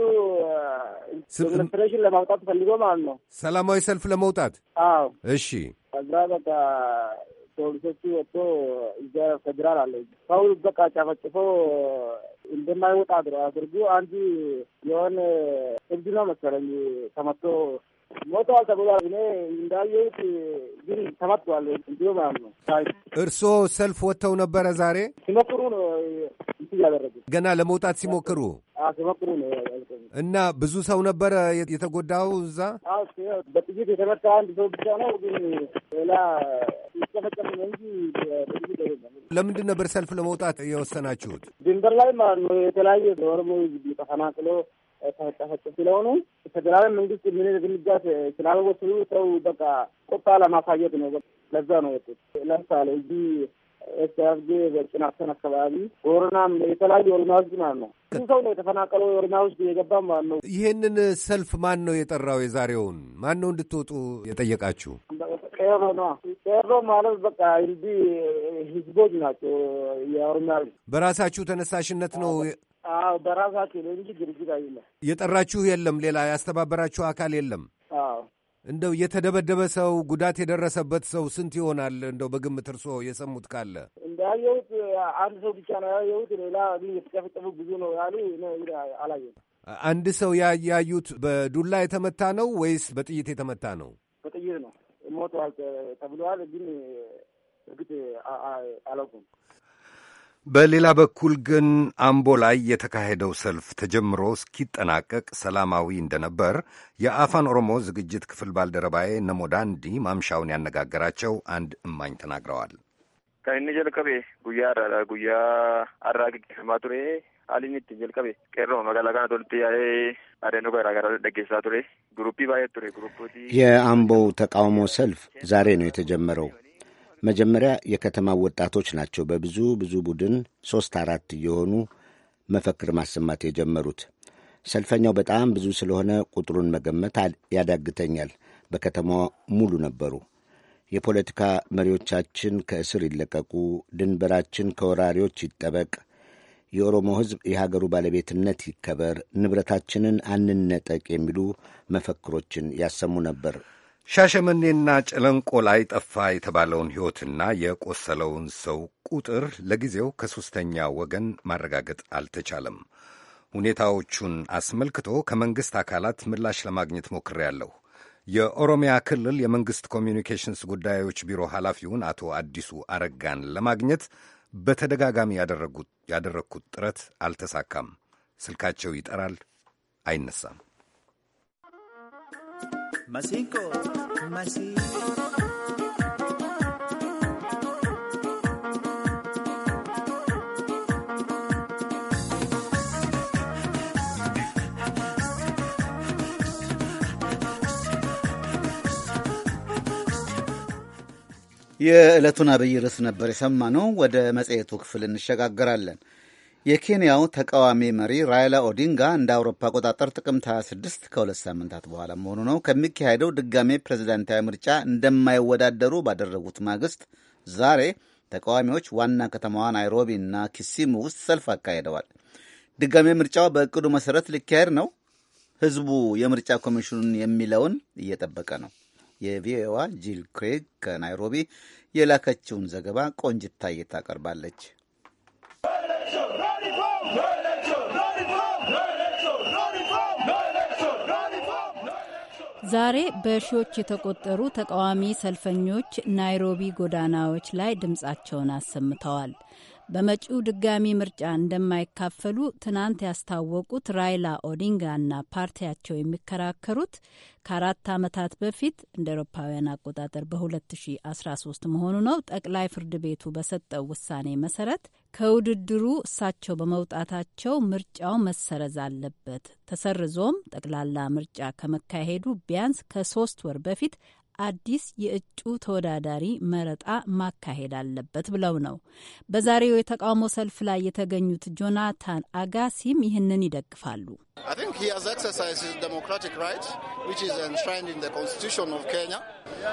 ዴሞንስትሬሽን ለማውጣት ፈልጎ ማለት ነው፣ ሰላማዊ ሰልፍ ለመውጣት። አዎ እሺ። ከዛ በቃ ፖሊሶቹ ወጥቶ እዛ ፌዴራል አለ ሰው በቃ ጨፈጭፎ እንደማይወጣ አድርጎ አንዱ የሆነ እብድ ነው መሰለኝ ተመቶ ሞተዋል ተብሏል። እኔ እንዳየሁት ግን ተመትቷል እንትኑ ማለት ነው። እርስዎ ሰልፍ ወጥተው ነበረ ዛሬ? ሲሞክሩ ነው ያደረጉ ገና ለመውጣት ሲሞክሩ ሲሞክሩ ነው እና ብዙ ሰው ነበረ የተጎዳው እዛ? በጥይት የተመታ አንድ ሰው ብቻ ነው። ግን ሌላ ይጨፈጨፍ ነው እንጂ በጥይት ለምንድን ነበር ሰልፍ ለመውጣት የወሰናችሁት? ድንበር ላይ ማለት ነው የተለያየ የኦሮሞ ህዝብ ተፈናቅሎ ተፈጨፈጭ ስለሆኑ ፌዴራል መንግስት ምን እርምጃት ስላልወሰዱ ሰው በቃ ቁጣ ለማሳየት ነው። ለዛ ነው ወጡት። ለምሳሌ እዚህ ኤስራፍጌ በጭናክሰን አካባቢ ኦሮናም የተለያዩ ኦሮሚያዎች ማለት ነው ብዙ ሰው ነው የተፈናቀለው። ኦሮሚያ ውስጥ የገባ ማለት ነው። ይህንን ሰልፍ ማን ነው የጠራው? የዛሬውን ማን ነው እንድትወጡ የጠየቃችሁ? ቄሮ ነው። ቄሮ ማለት በቃ እንዲህ ህዝቦች ናቸው። የኦሮሚያ በራሳችሁ ተነሳሽነት ነው አዎ በራሳቸው ነው እንጂ ድርጅት አይደለም። የጠራችሁ የለም፣ ሌላ ያስተባበራችሁ አካል የለም። አዎ እንደው የተደበደበ ሰው ጉዳት የደረሰበት ሰው ስንት ይሆናል? እንደው በግምት እርሶ የሰሙት ካለ እንዳየሁት አንድ ሰው ብቻ ነው ያየሁት። ሌላ ግን የተጨፈጨፉ ብዙ ነው ያሉ አላየሁም። አንድ ሰው ያያዩት በዱላ የተመታ ነው ወይስ በጥይት የተመታ ነው? በጥይት ነው ሞቷል ተብለዋል፣ ግን እርግጥ አላውቅም። በሌላ በኩል ግን አምቦ ላይ የተካሄደው ሰልፍ ተጀምሮ እስኪጠናቀቅ ሰላማዊ እንደነበር የአፋን ኦሮሞ ዝግጅት ክፍል ባልደረባዬ ነሞዳንዲ ማምሻውን ያነጋገራቸው አንድ እማኝ ተናግረዋል። ከእኔ ጀልቀቤ ጉያ ጉያ አራግ ማቱሬ አሊኒት ጀልቀቤ ቄሮ መጋላጋ ካና ቶልቲ አደኑ ጋራጋራ ደጌሳ ቱሬ ግሩፒ ባየ ቱሬ ግሩፖቲ የአምቦው ተቃውሞ ሰልፍ ዛሬ ነው የተጀመረው። መጀመሪያ የከተማው ወጣቶች ናቸው በብዙ ብዙ ቡድን ሦስት አራት እየሆኑ መፈክር ማሰማት የጀመሩት። ሰልፈኛው በጣም ብዙ ስለሆነ ቁጥሩን መገመት ያዳግተኛል። በከተማዋ ሙሉ ነበሩ። የፖለቲካ መሪዎቻችን ከእስር ይለቀቁ፣ ድንበራችን ከወራሪዎች ይጠበቅ፣ የኦሮሞ ሕዝብ የሀገሩ ባለቤትነት ይከበር፣ ንብረታችንን አንነጠቅ የሚሉ መፈክሮችን ያሰሙ ነበር። ሻሸመኔና ጨለንቆ ላይ ጠፋ የተባለውን ሕይወትና የቆሰለውን ሰው ቁጥር ለጊዜው ከሦስተኛ ወገን ማረጋገጥ አልተቻለም። ሁኔታዎቹን አስመልክቶ ከመንግሥት አካላት ምላሽ ለማግኘት ሞክሬያለሁ። የኦሮሚያ ክልል የመንግሥት ኮሚኒኬሽንስ ጉዳዮች ቢሮ ኃላፊውን አቶ አዲሱ አረጋን ለማግኘት በተደጋጋሚ ያደረግኩት ጥረት አልተሳካም። ስልካቸው ይጠራል፣ አይነሳም። más cinco, más cinco. የዕለቱን አብይ ርዕስ ነበር የሰማነው። ወደ መጽሔቱ ክፍል እንሸጋግራለን። የኬንያው ተቃዋሚ መሪ ራይላ ኦዲንጋ እንደ አውሮፓ አቆጣጠር ጥቅምት 26 ከሁለት ሳምንታት በኋላ መሆኑ ነው ከሚካሄደው ድጋሜ ፕሬዝዳንታዊ ምርጫ እንደማይወዳደሩ ባደረጉት ማግስት ዛሬ ተቃዋሚዎች ዋና ከተማዋ ናይሮቢ እና ኪሲሙ ውስጥ ሰልፍ አካሂደዋል። ድጋሜ ምርጫው በእቅዱ መሰረት ሊካሄድ ነው። ህዝቡ የምርጫ ኮሚሽኑን የሚለውን እየጠበቀ ነው። የቪኦኤዋ ጂል ክሬግ ከናይሮቢ የላከችውን ዘገባ ቆንጅታ ታቀርባለች። ዛሬ በሺዎች የተቆጠሩ ተቃዋሚ ሰልፈኞች ናይሮቢ ጎዳናዎች ላይ ድምፃቸውን አሰምተዋል። በመጪው ድጋሚ ምርጫ እንደማይካፈሉ ትናንት ያስታወቁት ራይላ ኦዲንጋና ፓርቲያቸው የሚከራከሩት ከአራት ዓመታት በፊት እንደ ኤሮፓውያን አቆጣጠር በ2013 መሆኑ ነው። ጠቅላይ ፍርድ ቤቱ በሰጠው ውሳኔ መሰረት ከውድድሩ እሳቸው በመውጣታቸው ምርጫው መሰረዝ አለበት። ተሰርዞም ጠቅላላ ምርጫ ከመካሄዱ ቢያንስ ከሶስት ወር በፊት አዲስ የእጩ ተወዳዳሪ መረጣ ማካሄድ አለበት ብለው ነው። በዛሬው የተቃውሞ ሰልፍ ላይ የተገኙት ጆናታን አጋሲም ይህንን ይደግፋሉ።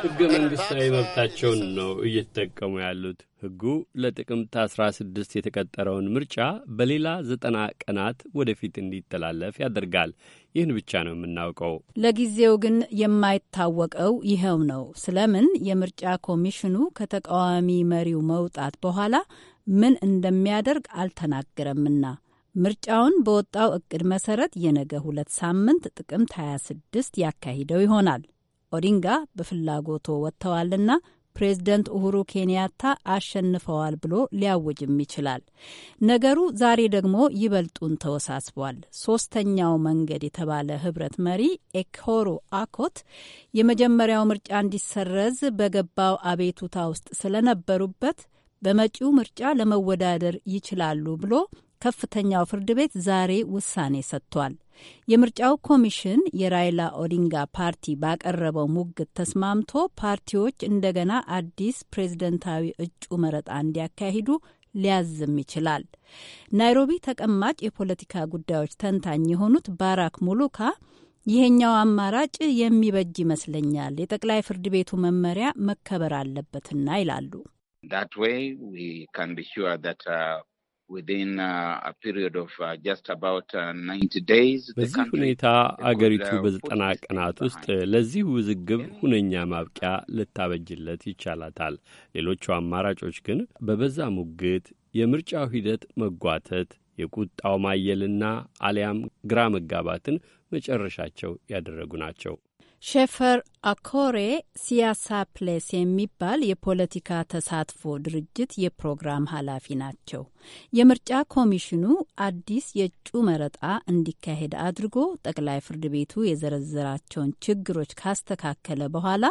ህገ መንግስታዊ መብታቸውን ነው እየተጠቀሙ ያሉት። ሕጉ ለጥቅምት 16 የተቀጠረውን ምርጫ በሌላ ዘጠና ቀናት ወደፊት እንዲተላለፍ ያደርጋል። ይህን ብቻ ነው የምናውቀው። ለጊዜው ግን የማይታወቀው ይኸው ነው። ስለምን የምርጫ ኮሚሽኑ ከተቃዋሚ መሪው መውጣት በኋላ ምን እንደሚያደርግ አልተናገረምና ምርጫውን በወጣው እቅድ መሰረት የነገ ሁለት ሳምንት ጥቅምት 26 ያካሂደው ይሆናል። ኦዲንጋ በፍላጎቶ ወጥተዋልና ፕሬዝደንት ኡሁሩ ኬንያታ አሸንፈዋል ብሎ ሊያውጅም ይችላል። ነገሩ ዛሬ ደግሞ ይበልጡን ተወሳስቧል። ሶስተኛው መንገድ የተባለ ህብረት መሪ ኤኮሮ አኮት የመጀመሪያው ምርጫ እንዲሰረዝ በገባው አቤቱታ ውስጥ ስለነበሩበት በመጪው ምርጫ ለመወዳደር ይችላሉ ብሎ ከፍተኛው ፍርድ ቤት ዛሬ ውሳኔ ሰጥቷል። የምርጫው ኮሚሽን የራይላ ኦዲንጋ ፓርቲ ባቀረበው ሙግት ተስማምቶ ፓርቲዎች እንደገና አዲስ ፕሬዝደንታዊ እጩ መረጣ እንዲያካሂዱ ሊያዝም ይችላል። ናይሮቢ ተቀማጭ የፖለቲካ ጉዳዮች ተንታኝ የሆኑት ባራክ ሙሉካ ይሄኛው አማራጭ የሚበጅ ይመስለኛል፣ የጠቅላይ ፍርድ ቤቱ መመሪያ መከበር አለበትና ይላሉ። uh, Uh, uh, uh, በዚህ ሁኔታ አገሪቱ በዘጠና ቀናት ውስጥ ለዚህ ውዝግብ ሁነኛ ማብቂያ ልታበጅለት ይቻላታል። ሌሎቹ አማራጮች ግን በበዛ ሙግት፣ የምርጫው ሂደት መጓተት፣ የቁጣው ማየልና አሊያም ግራ መጋባትን መጨረሻቸው ያደረጉ ናቸው። ሼፈር አኮሬ ሲያሳ ፕሌስ የሚባል የፖለቲካ ተሳትፎ ድርጅት የፕሮግራም ኃላፊ ናቸው። የምርጫ ኮሚሽኑ አዲስ የእጩ መረጣ እንዲካሄድ አድርጎ ጠቅላይ ፍርድ ቤቱ የዘረዘራቸውን ችግሮች ካስተካከለ በኋላ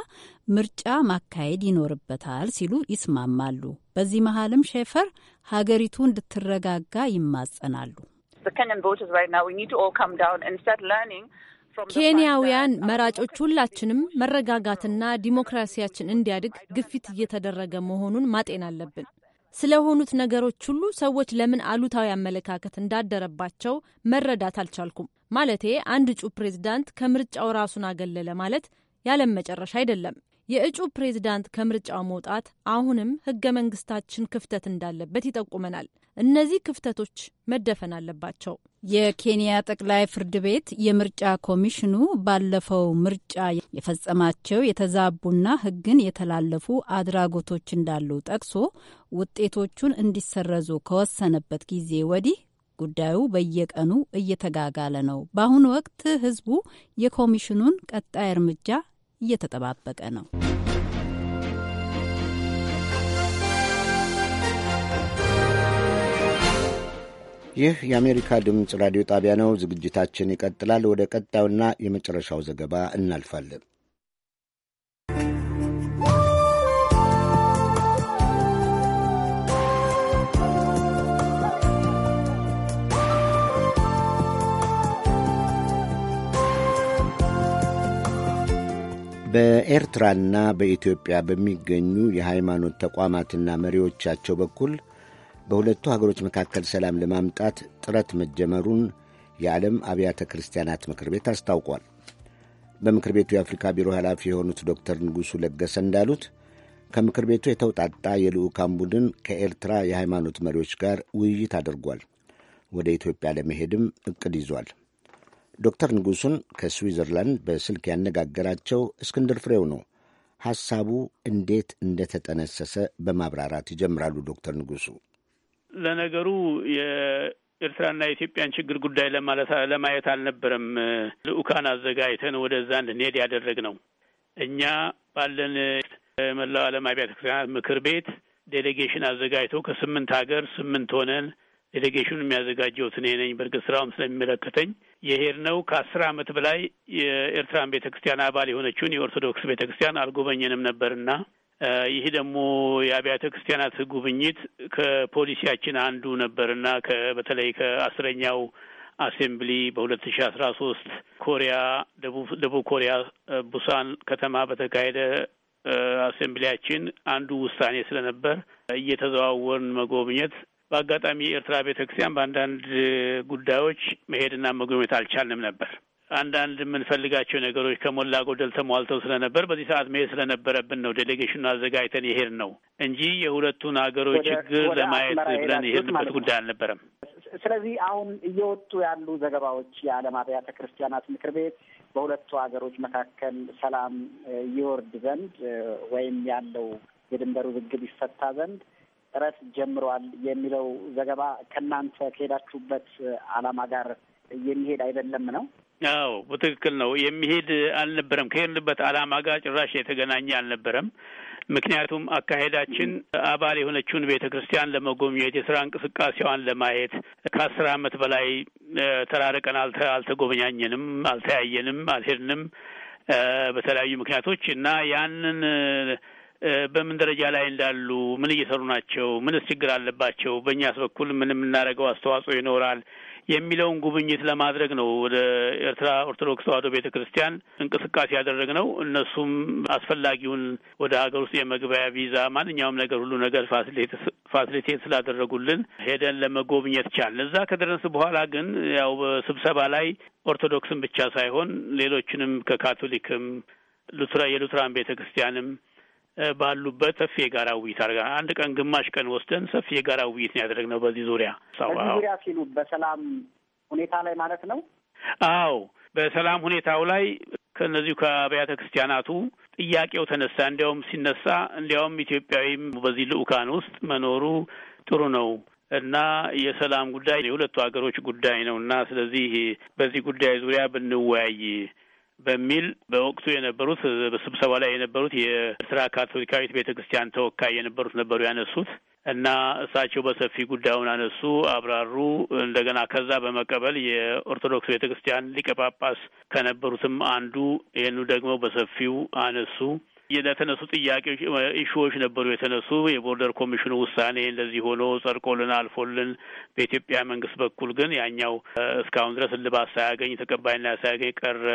ምርጫ ማካሄድ ይኖርበታል ሲሉ ይስማማሉ። በዚህ መሀልም ሼፈር ሀገሪቱ እንድትረጋጋ ይማጸናሉ። ኬንያውያን uh, መራጮች ሁላችንም መረጋጋትና ዲሞክራሲያችን እንዲያድግ ግፊት እየተደረገ መሆኑን ማጤን አለብን። ስለሆኑት ነገሮች ሁሉ ሰዎች ለምን አሉታዊ አመለካከት እንዳደረባቸው መረዳት አልቻልኩም። ማለቴ አንድ እጩ ፕሬዝዳንት ከምርጫው ራሱን አገለለ ማለት ያለም መጨረሻ አይደለም። የእጩ ፕሬዝዳንት ከምርጫው መውጣት አሁንም ህገ መንግስታችን ክፍተት እንዳለበት ይጠቁመናል። እነዚህ ክፍተቶች መደፈን አለባቸው። የኬንያ ጠቅላይ ፍርድ ቤት የምርጫ ኮሚሽኑ ባለፈው ምርጫ የፈጸማቸው የተዛቡና ህግን የተላለፉ አድራጎቶች እንዳሉ ጠቅሶ ውጤቶቹን እንዲሰረዙ ከወሰነበት ጊዜ ወዲህ ጉዳዩ በየቀኑ እየተጋጋለ ነው። በአሁኑ ወቅት ህዝቡ የኮሚሽኑን ቀጣይ እርምጃ እየተጠባበቀ ነው። ይህ የአሜሪካ ድምፅ ራዲዮ ጣቢያ ነው። ዝግጅታችን ይቀጥላል። ወደ ቀጣዩና የመጨረሻው ዘገባ እናልፋለን። በኤርትራና በኢትዮጵያ በሚገኙ የሃይማኖት ተቋማትና መሪዎቻቸው በኩል በሁለቱ ሀገሮች መካከል ሰላም ለማምጣት ጥረት መጀመሩን የዓለም አብያተ ክርስቲያናት ምክር ቤት አስታውቋል። በምክር ቤቱ የአፍሪካ ቢሮ ኃላፊ የሆኑት ዶክተር ንጉሡ ለገሰ እንዳሉት ከምክር ቤቱ የተውጣጣ የልዑካን ቡድን ከኤርትራ የሃይማኖት መሪዎች ጋር ውይይት አድርጓል። ወደ ኢትዮጵያ ለመሄድም እቅድ ይዟል። ዶክተር ንጉሱን ከስዊዘርላንድ በስልክ ያነጋገራቸው እስክንድር ፍሬው ነው። ሐሳቡ እንዴት እንደተጠነሰሰ በማብራራት ይጀምራሉ ዶክተር ንጉሱ። ለነገሩ የኤርትራና የኢትዮጵያን ችግር ጉዳይ ለማየት አልነበረም ልኡካን አዘጋጅተን ወደዛ እንድንሄድ ያደረግ ነው። እኛ ባለን መላው ዓለም አብያተ ክርስቲያናት ምክር ቤት ዴሌጌሽን አዘጋጅተው ከስምንት ሀገር ስምንት ሆነን ዴሌጌሽኑ የሚያዘጋጀው እኔ ነኝ። በእርግጥ ስራውም ስለሚመለከተኝ የሄድነው ከአስር ዓመት በላይ የኤርትራን ቤተ ክርስቲያን አባል የሆነችውን የኦርቶዶክስ ቤተ ክርስቲያን አልጎበኘንም ነበርና ይህ ደግሞ የአብያተ ክርስቲያናት ጉብኝት ከፖሊሲያችን አንዱ ነበርና በተለይ ከአስረኛው አሴምብሊ በሁለት ሺ አስራ ሶስት ኮሪያ ደቡብ ኮሪያ ቡሳን ከተማ በተካሄደ አሴምብሊያችን አንዱ ውሳኔ ስለነበር እየተዘዋወርን መጎብኘት በአጋጣሚ የኤርትራ ቤተክርስቲያን በአንዳንድ ጉዳዮች መሄድና መጎብኘት አልቻልንም ነበር። አንዳንድ የምንፈልጋቸው ነገሮች ከሞላ ጎደል ተሟልተው ስለነበር በዚህ ሰዓት መሄድ ስለነበረብን ነው ዴሌጌሽኑ አዘጋጅተን የሄድ ነው እንጂ የሁለቱን ሀገሮች ችግር ለማየት ብለን የሄድንበት ጉዳይ አልነበረም። ስለዚህ አሁን እየወጡ ያሉ ዘገባዎች የዓለም አብያተ ክርስቲያናት ምክር ቤት በሁለቱ ሀገሮች መካከል ሰላም ይወርድ ዘንድ ወይም ያለው የድንበር ውዝግብ ይፈታ ዘንድ ጥረት ጀምረዋል የሚለው ዘገባ ከእናንተ ከሄዳችሁበት ዓላማ ጋር የሚሄድ አይደለም ነው? አዎ በትክክል ነው። የሚሄድ አልነበረም። ከሄድንበት ዓላማ ጋር ጭራሽ የተገናኘ አልነበረም። ምክንያቱም አካሄዳችን አባል የሆነችውን ቤተ ክርስቲያን ለመጎብኘት የስራ እንቅስቃሴዋን ለማየት ከአስር ዓመት በላይ ተራርቀን አልተጎበኛኘንም፣ አልተያየንም፣ አልሄድንም በተለያዩ ምክንያቶች እና ያንን በምን ደረጃ ላይ እንዳሉ፣ ምን እየሰሩ ናቸው፣ ምንስ ችግር አለባቸው፣ በእኛስ በኩል ምን የምናደርገው አስተዋጽኦ ይኖራል የሚለውን ጉብኝት ለማድረግ ነው ወደ ኤርትራ ኦርቶዶክስ ተዋሕዶ ቤተ ክርስቲያን እንቅስቃሴ ያደረግነው። እነሱም አስፈላጊውን ወደ ሀገር ውስጥ የመግቢያ ቪዛ፣ ማንኛውም ነገር ሁሉ ነገር ፋሲሊቴት ስላደረጉልን ሄደን ለመጎብኘት ቻልን። እዛ ከደረስ በኋላ ግን ያው በስብሰባ ላይ ኦርቶዶክስን ብቻ ሳይሆን ሌሎችንም ከካቶሊክም ሉትራ የሉትራን ቤተ ክርስቲያንም ባሉበት ሰፊ የጋራ ውይይት አድርገናል። አንድ ቀን ግማሽ ቀን ወስደን ሰፊ የጋራ ውይይት ነው ያደረግነው በዚህ ዙሪያ በዚህ ዙሪያ ሲሉ በሰላም ሁኔታ ላይ ማለት ነው። አዎ በሰላም ሁኔታው ላይ ከእነዚሁ ከአብያተ ክርስቲያናቱ ጥያቄው ተነሳ። እንዲያውም ሲነሳ እንዲያውም ኢትዮጵያዊም በዚህ ልዑካን ውስጥ መኖሩ ጥሩ ነው እና የሰላም ጉዳይ የሁለቱ ሀገሮች ጉዳይ ነው እና ስለዚህ በዚህ ጉዳይ ዙሪያ ብንወያይ በሚል በወቅቱ የነበሩት በስብሰባ ላይ የነበሩት የኤርትራ ካቶሊካዊት ቤተ ክርስቲያን ተወካይ የነበሩት ነበሩ ያነሱት እና እሳቸው በሰፊ ጉዳዩን አነሱ፣ አብራሩ። እንደገና ከዛ በመቀበል የኦርቶዶክስ ቤተ ክርስቲያን ሊቀ ጳጳስ ከነበሩትም አንዱ ይህኑ ደግሞ በሰፊው አነሱ። የተነሱ ጥያቄዎች ኢሹዎች ነበሩ የተነሱ። የቦርደር ኮሚሽኑ ውሳኔ እንደዚህ ሆኖ ጸድቆልን አልፎልን፣ በኢትዮጵያ መንግስት በኩል ግን ያኛው እስካሁን ድረስ እልባት ሳያገኝ ተቀባይና ሳያገኝ ቀረ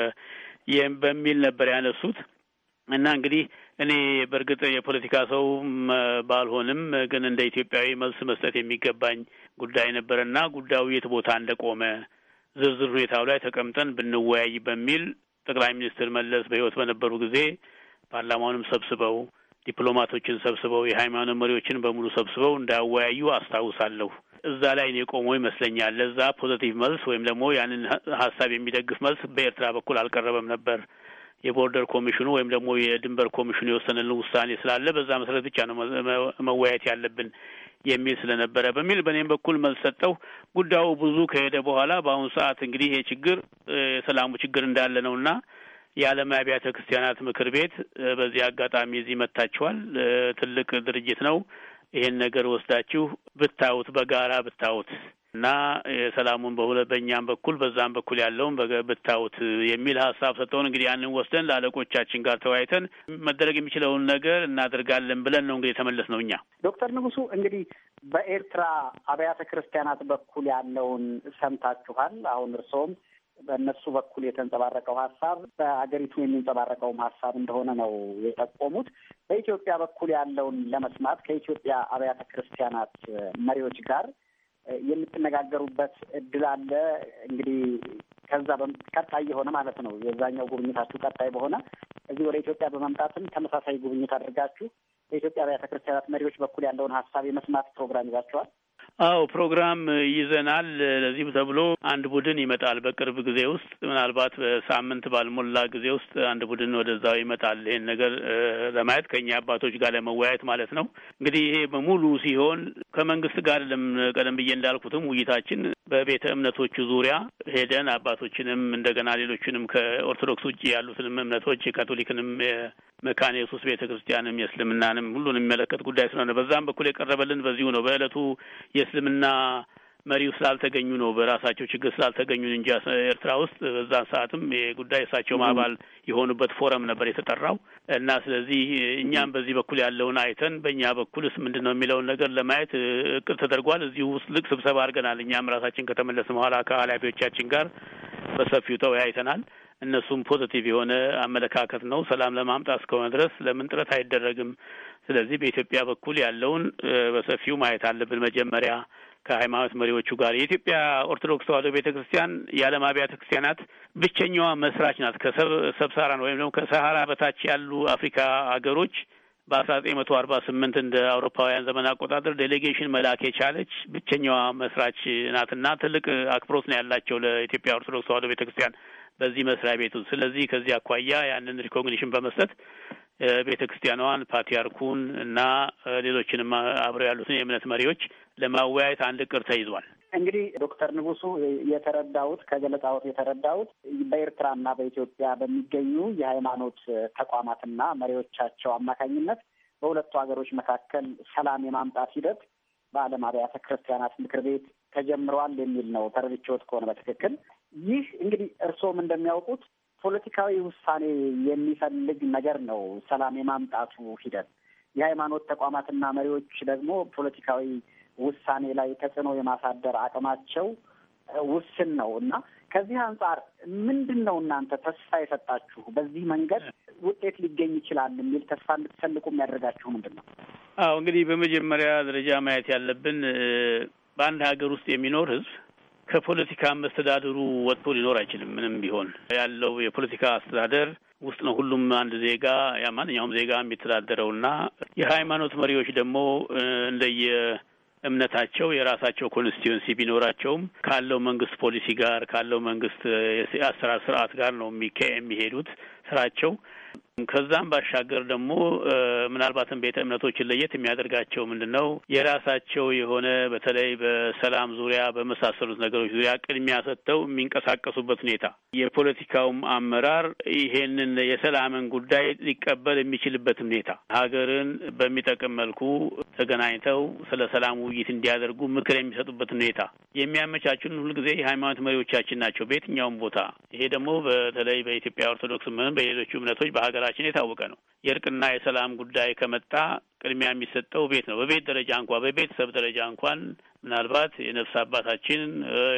በሚል ነበር ያነሱት። እና እንግዲህ እኔ በእርግጥ የፖለቲካ ሰው ባልሆንም ግን እንደ ኢትዮጵያዊ መልስ መስጠት የሚገባኝ ጉዳይ ነበርና ጉዳዩ የት ቦታ እንደቆመ ዝርዝር ሁኔታው ላይ ተቀምጠን ብንወያይ በሚል ጠቅላይ ሚኒስትር መለስ በሕይወት በነበሩ ጊዜ ፓርላማውንም ሰብስበው ዲፕሎማቶችን ሰብስበው የሃይማኖት መሪዎችን በሙሉ ሰብስበው እንዳወያዩ አስታውሳለሁ። እዛ ላይ ነው የቆመው ይመስለኛል። ለዛ ፖዘቲቭ መልስ ወይም ደግሞ ያንን ሀሳብ የሚደግፍ መልስ በኤርትራ በኩል አልቀረበም ነበር። የቦርደር ኮሚሽኑ ወይም ደግሞ የድንበር ኮሚሽኑ የወሰነልን ውሳኔ ስላለ በዛ መሰረት ብቻ ነው መወያየት ያለብን የሚል ስለነበረ በሚል በእኔም በኩል መልስ ሰጠው። ጉዳዩ ብዙ ከሄደ በኋላ በአሁኑ ሰዓት እንግዲህ ይሄ ችግር የሰላሙ ችግር እንዳለ ነው እና የዓለም አብያተ ክርስቲያናት ምክር ቤት በዚህ አጋጣሚ እዚህ መጥታችኋል። ትልቅ ድርጅት ነው። ይሄን ነገር ወስዳችሁ ብታዩት በጋራ ብታዩት እና የሰላሙን በሁለ በእኛም በኩል በዛም በኩል ያለውን ብታዩት የሚል ሀሳብ ሰጥተውን እንግዲህ ያንን ወስደን ለአለቆቻችን ጋር ተወያይተን መደረግ የሚችለውን ነገር እናደርጋለን ብለን ነው እንግዲህ የተመለስ ነው። እኛ ዶክተር ንጉሱ እንግዲህ በኤርትራ አብያተ ክርስቲያናት በኩል ያለውን ሰምታችኋል። አሁን እርስዎም በእነሱ በኩል የተንጸባረቀው ሀሳብ በአገሪቱ የሚንጸባረቀውም ሀሳብ እንደሆነ ነው የጠቆሙት። በኢትዮጵያ በኩል ያለውን ለመስማት ከኢትዮጵያ አብያተ ክርስቲያናት መሪዎች ጋር የምትነጋገሩበት እድል አለ። እንግዲህ ከዛ ቀጣይ የሆነ ማለት ነው የዛኛው ጉብኝታችሁ ቀጣይ በሆነ እዚህ ወደ ኢትዮጵያ በመምጣትም ተመሳሳይ ጉብኝት አድርጋችሁ በኢትዮጵያ አብያተ ክርስቲያናት መሪዎች በኩል ያለውን ሀሳብ የመስማት ፕሮግራም ይዛችኋል። አዎ ፕሮግራም ይዘናል። ለዚህም ተብሎ አንድ ቡድን ይመጣል በቅርብ ጊዜ ውስጥ ምናልባት በሳምንት ባልሞላ ጊዜ ውስጥ አንድ ቡድን ወደዛው ይመጣል። ይሄን ነገር ለማየት ከኛ አባቶች ጋር ለመወያየት ማለት ነው። እንግዲህ ይሄ በሙሉ ሲሆን ከመንግስት ጋር ቀደም ብዬ እንዳልኩትም ውይይታችን በቤተ እምነቶቹ ዙሪያ ሄደን አባቶችንም እንደገና ሌሎችንም ከኦርቶዶክስ ውጭ ያሉትንም እምነቶች የካቶሊክንም መካነ ኢየሱስ ቤተ ክርስቲያንም የእስልምናንም ሁሉን የሚመለከት ጉዳይ ስለሆነ በዛም በኩል የቀረበልን በዚሁ ነው በእለቱ የእስልምና መሪው ስላልተገኙ ነው፣ በራሳቸው ችግር ስላልተገኙ እንጂ ኤርትራ ውስጥ በዛን ሰዓትም የጉዳይ እሳቸው አባል የሆኑበት ፎረም ነበር የተጠራው እና ስለዚህ እኛም በዚህ በኩል ያለውን አይተን በእኛ በኩልስ ምንድን ነው የሚለውን ነገር ለማየት እቅድ ተደርጓል። እዚሁ ውስጥ ልቅ ስብሰባ አድርገናል። እኛም ራሳችን ከተመለስን በኋላ ከኃላፊዎቻችን ጋር በሰፊው ተወያይተናል። እነሱም ፖዘቲቭ የሆነ አመለካከት ነው። ሰላም ለማምጣት እስከሆነ ድረስ ለምን ጥረት አይደረግም? ስለዚህ በኢትዮጵያ በኩል ያለውን በሰፊው ማየት አለብን። መጀመሪያ ከሃይማኖት መሪዎቹ ጋር የኢትዮጵያ ኦርቶዶክስ ተዋሕዶ ቤተ ክርስቲያን የዓለም አብያተ ክርስቲያናት ብቸኛዋ መስራች ናት። ከሰብሳራን ወይም ደግሞ ከሰሃራ በታች ያሉ አፍሪካ ሀገሮች በአስራ ዘጠኝ መቶ አርባ ስምንት እንደ አውሮፓውያን ዘመን አቆጣጠር ዴሌጌሽን መላክ የቻለች ብቸኛዋ መስራች ናትና ትልቅ አክብሮት ነው ያላቸው ለኢትዮጵያ ኦርቶዶክስ ተዋሕዶ ቤተ ክርስቲያን። በዚህ መስሪያ ቤቱ። ስለዚህ ከዚህ አኳያ ያንን ሪኮግኒሽን በመስጠት ቤተ ክርስቲያኗን፣ ፓትርያርኩን እና ሌሎችንም አብረው ያሉትን የእምነት መሪዎች ለማወያየት አንድ እቅድ ተይዟል። እንግዲህ ዶክተር ንጉሱ የተረዳሁት ከገለጻዎት የተረዳሁት በኤርትራና በኢትዮጵያ በሚገኙ የሃይማኖት ተቋማትና መሪዎቻቸው አማካኝነት በሁለቱ ሀገሮች መካከል ሰላም የማምጣት ሂደት በዓለም አብያተ ክርስቲያናት ምክር ቤት ተጀምረዋል የሚል ነው ተረድቼዎት ከሆነ በትክክል። ይህ እንግዲህ እርስዎም እንደሚያውቁት ፖለቲካዊ ውሳኔ የሚፈልግ ነገር ነው ሰላም የማምጣቱ ሂደት። የሃይማኖት ተቋማትና መሪዎች ደግሞ ፖለቲካዊ ውሳኔ ላይ ተጽዕኖ የማሳደር አቅማቸው ውስን ነው እና ከዚህ አንጻር ምንድን ነው እናንተ ተስፋ የሰጣችሁ በዚህ መንገድ ውጤት ሊገኝ ይችላል የሚል ተስፋ እንድትሰልቁ የሚያደርጋችሁ ምንድን ነው? አዎ እንግዲህ በመጀመሪያ ደረጃ ማየት ያለብን በአንድ ሀገር ውስጥ የሚኖር ህዝብ ከፖለቲካ መስተዳድሩ ወጥቶ ሊኖር አይችልም። ምንም ቢሆን ያለው የፖለቲካ አስተዳደር ውስጥ ነው ሁሉም አንድ ዜጋ ያ ማንኛውም ዜጋ እና የሃይማኖት መሪዎች ደግሞ እንደየ እምነታቸው የራሳቸው ኮንስቲትዌንሲ ቢኖራቸውም ካለው መንግስት ፖሊሲ ጋር ካለው መንግስት የአሰራር ስርዓት ጋር ነው የሚሄዱት ስራቸው ከዛም ባሻገር ደግሞ ምናልባትም ቤተ እምነቶችን ለየት የሚያደርጋቸው ምንድን ነው? የራሳቸው የሆነ በተለይ በሰላም ዙሪያ በመሳሰሉት ነገሮች ዙሪያ ቅድሚያ ሰጥተው የሚንቀሳቀሱበት ሁኔታ የፖለቲካውም አመራር ይሄንን የሰላምን ጉዳይ ሊቀበል የሚችልበት ሁኔታ ሀገርን በሚጠቅም መልኩ ተገናኝተው ስለ ሰላም ውይይት እንዲያደርጉ ምክር የሚሰጡበት ሁኔታ የሚያመቻቹን ሁልጊዜ የሃይማኖት መሪዎቻችን ናቸው በየትኛውም ቦታ። ይሄ ደግሞ በተለይ በኢትዮጵያ ኦርቶዶክስ ምን በሌሎቹ እምነቶች በሀገር በሀገራችን የታወቀ ነው። የእርቅና የሰላም ጉዳይ ከመጣ ቅድሚያ የሚሰጠው ቤት ነው። በቤት ደረጃ እንኳ በቤተሰብ ደረጃ እንኳን ምናልባት የነፍስ አባታችን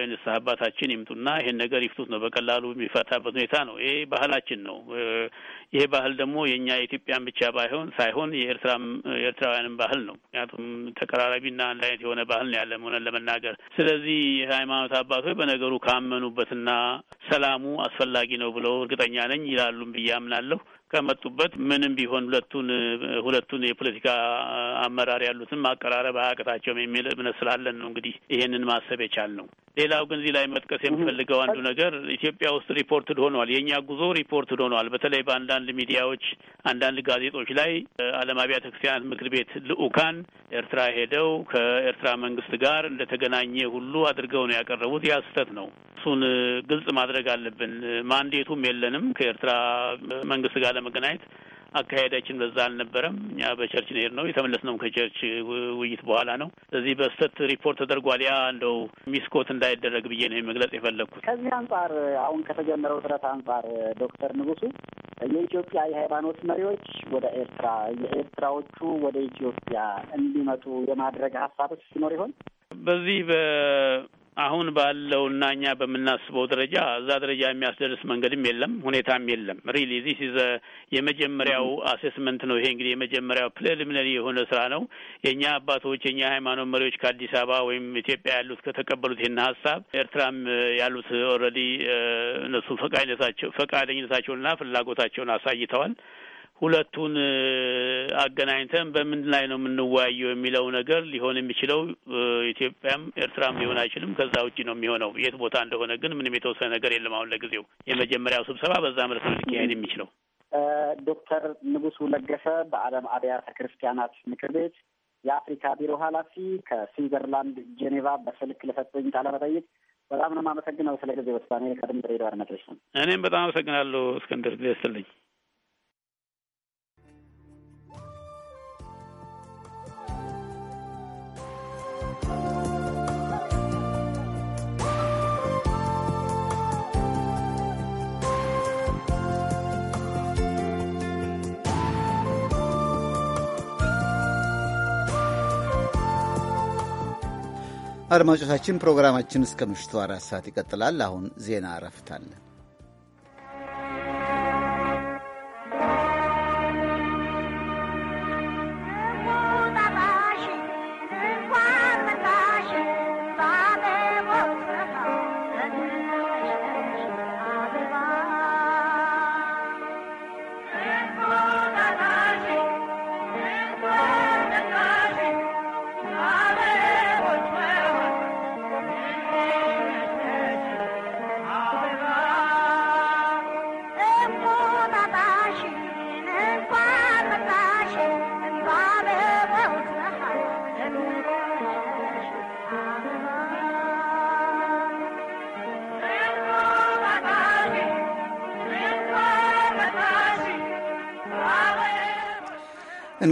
የነፍስ አባታችን ይምጡና ይሄን ነገር ይፍቱት ነው በቀላሉ የሚፈታበት ሁኔታ ነው። ይሄ ባህላችን ነው። ይሄ ባህል ደግሞ የእኛ የኢትዮጵያን ብቻ ባይሆን ሳይሆን የኤርትራ የኤርትራውያንም ባህል ነው። ምክንያቱም ተቀራራቢና አንድ አይነት የሆነ ባህል ነው ያለ መሆነን ለመናገር ስለዚህ የሃይማኖት አባቶች በነገሩ ካመኑበትና ሰላሙ አስፈላጊ ነው ብለው እርግጠኛ ነኝ ይላሉም ብዬ አምናለሁ። ከመጡበት ምንም ቢሆን ሁለቱን ሁለቱን የፖለቲካ አመራር ያሉትን ማቀራረብ አያቅታቸውም የሚል እምነት ስላለ ብለን ነው እንግዲህ ይሄንን ማሰብ የቻልነው። ሌላው ግን እዚህ ላይ መጥቀስ የምፈልገው አንዱ ነገር ኢትዮጵያ ውስጥ ሪፖርትድ ሆኗል። የእኛ ጉዞ ሪፖርትድ ሆኗል። በተለይ በአንዳንድ ሚዲያዎች፣ አንዳንድ ጋዜጦች ላይ ዓለም አብያተ ክርስቲያናት ምክር ቤት ልዑካን ኤርትራ ሄደው ከኤርትራ መንግስት ጋር እንደተገናኘ ሁሉ አድርገው ነው ያቀረቡት። ያ ስህተት ነው። እሱን ግልጽ ማድረግ አለብን። ማንዴቱም የለንም ከኤርትራ መንግስት ጋር ለመገናኘት አካሄዳችን በዛ አልነበረም። እኛ በቸርች ነው የተመለስነውም ከቸርች ውይይት በኋላ ነው። ስለዚህ በስህተት ሪፖርት ተደርጓል። ያ እንደው ሚስኮት እንዳይደረግ ብዬ ነው መግለጽ የፈለግኩት። ከዚህ አንጻር አሁን ከተጀመረው ጥረት አንጻር ዶክተር ንጉሱ የኢትዮጵያ የሃይማኖት መሪዎች ወደ ኤርትራ፣ የኤርትራዎቹ ወደ ኢትዮጵያ እንዲመጡ የማድረግ ሀሳቦች ሲኖር ይሆን በዚህ አሁን እና እኛ በምናስበው ደረጃ እዛ ደረጃ የሚያስደርስ መንገድም የለም፣ ሁኔታም የለም። ሪሊ ዚስ ኢዝ የመጀመሪያው አሴስመንት mm-hmm. ነው። ይሄ እንግዲህ የመጀመሪያው ፕሪሊሚናሪ የሆነ ስራ ነው። የእኛ አባቶች፣ የእኛ ሃይማኖት መሪዎች ከአዲስ አበባ ወይም ኢትዮጵያ ያሉት ከተቀበሉት ይህን ሀሳብ ኤርትራም ያሉት ኦልሬዲ እነሱ ፈቃደኝነታቸውንና ፍላጎታቸውን አሳይተዋል። ሁለቱን አገናኝተን በምን ላይ ነው የምንወያየው የሚለው ነገር ሊሆን የሚችለው ኢትዮጵያም ኤርትራም ሊሆን አይችልም። ከዛ ውጭ ነው የሚሆነው። የት ቦታ እንደሆነ ግን ምንም የተወሰነ ነገር የለም። አሁን ለጊዜው የመጀመሪያው ስብሰባ በዛ መልክ ነው ሊካሄድ የሚችለው። ዶክተር ንጉሱ ለገሰ በዓለም አብያተ ክርስቲያናት ምክር ቤት የአፍሪካ ቢሮ ኃላፊ ከስዊዘርላንድ ጄኔቫ በስልክ ለሰጠኝ ቃለ መጠይቅ በጣም ነው የማመሰግነው። ስለ ጊዜ ወስዳኔ ከድምፅ ሬዲዮ አድማጮች ነው። እኔም በጣም አመሰግናለሁ እስክንድር ደስልኝ። አድማጮቻችን ፕሮግራማችን እስከ ምሽቱ አራት ሰዓት ይቀጥላል። አሁን ዜና እረፍታለን።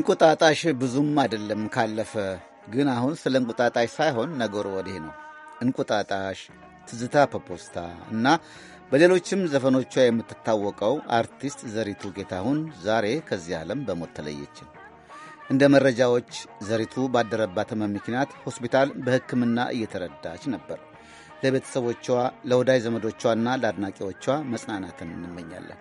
እንቁጣጣሽ ብዙም አይደለም ካለፈ። ግን አሁን ስለ እንቁጣጣሽ ሳይሆን ነገሩ ወዲህ ነው። እንቁጣጣሽ፣ ትዝታ ፖፖስታ እና በሌሎችም ዘፈኖቿ የምትታወቀው አርቲስት ዘሪቱ ጌታሁን ዛሬ ከዚህ ዓለም በሞት ተለየችን። እንደ መረጃዎች ዘሪቱ ባደረባት ሕመም ምክንያት ሆስፒታል በሕክምና እየተረዳች ነበር። ለቤተሰቦቿ፣ ለወዳጅ ዘመዶቿና ለአድናቂዎቿ መጽናናትን እንመኛለን።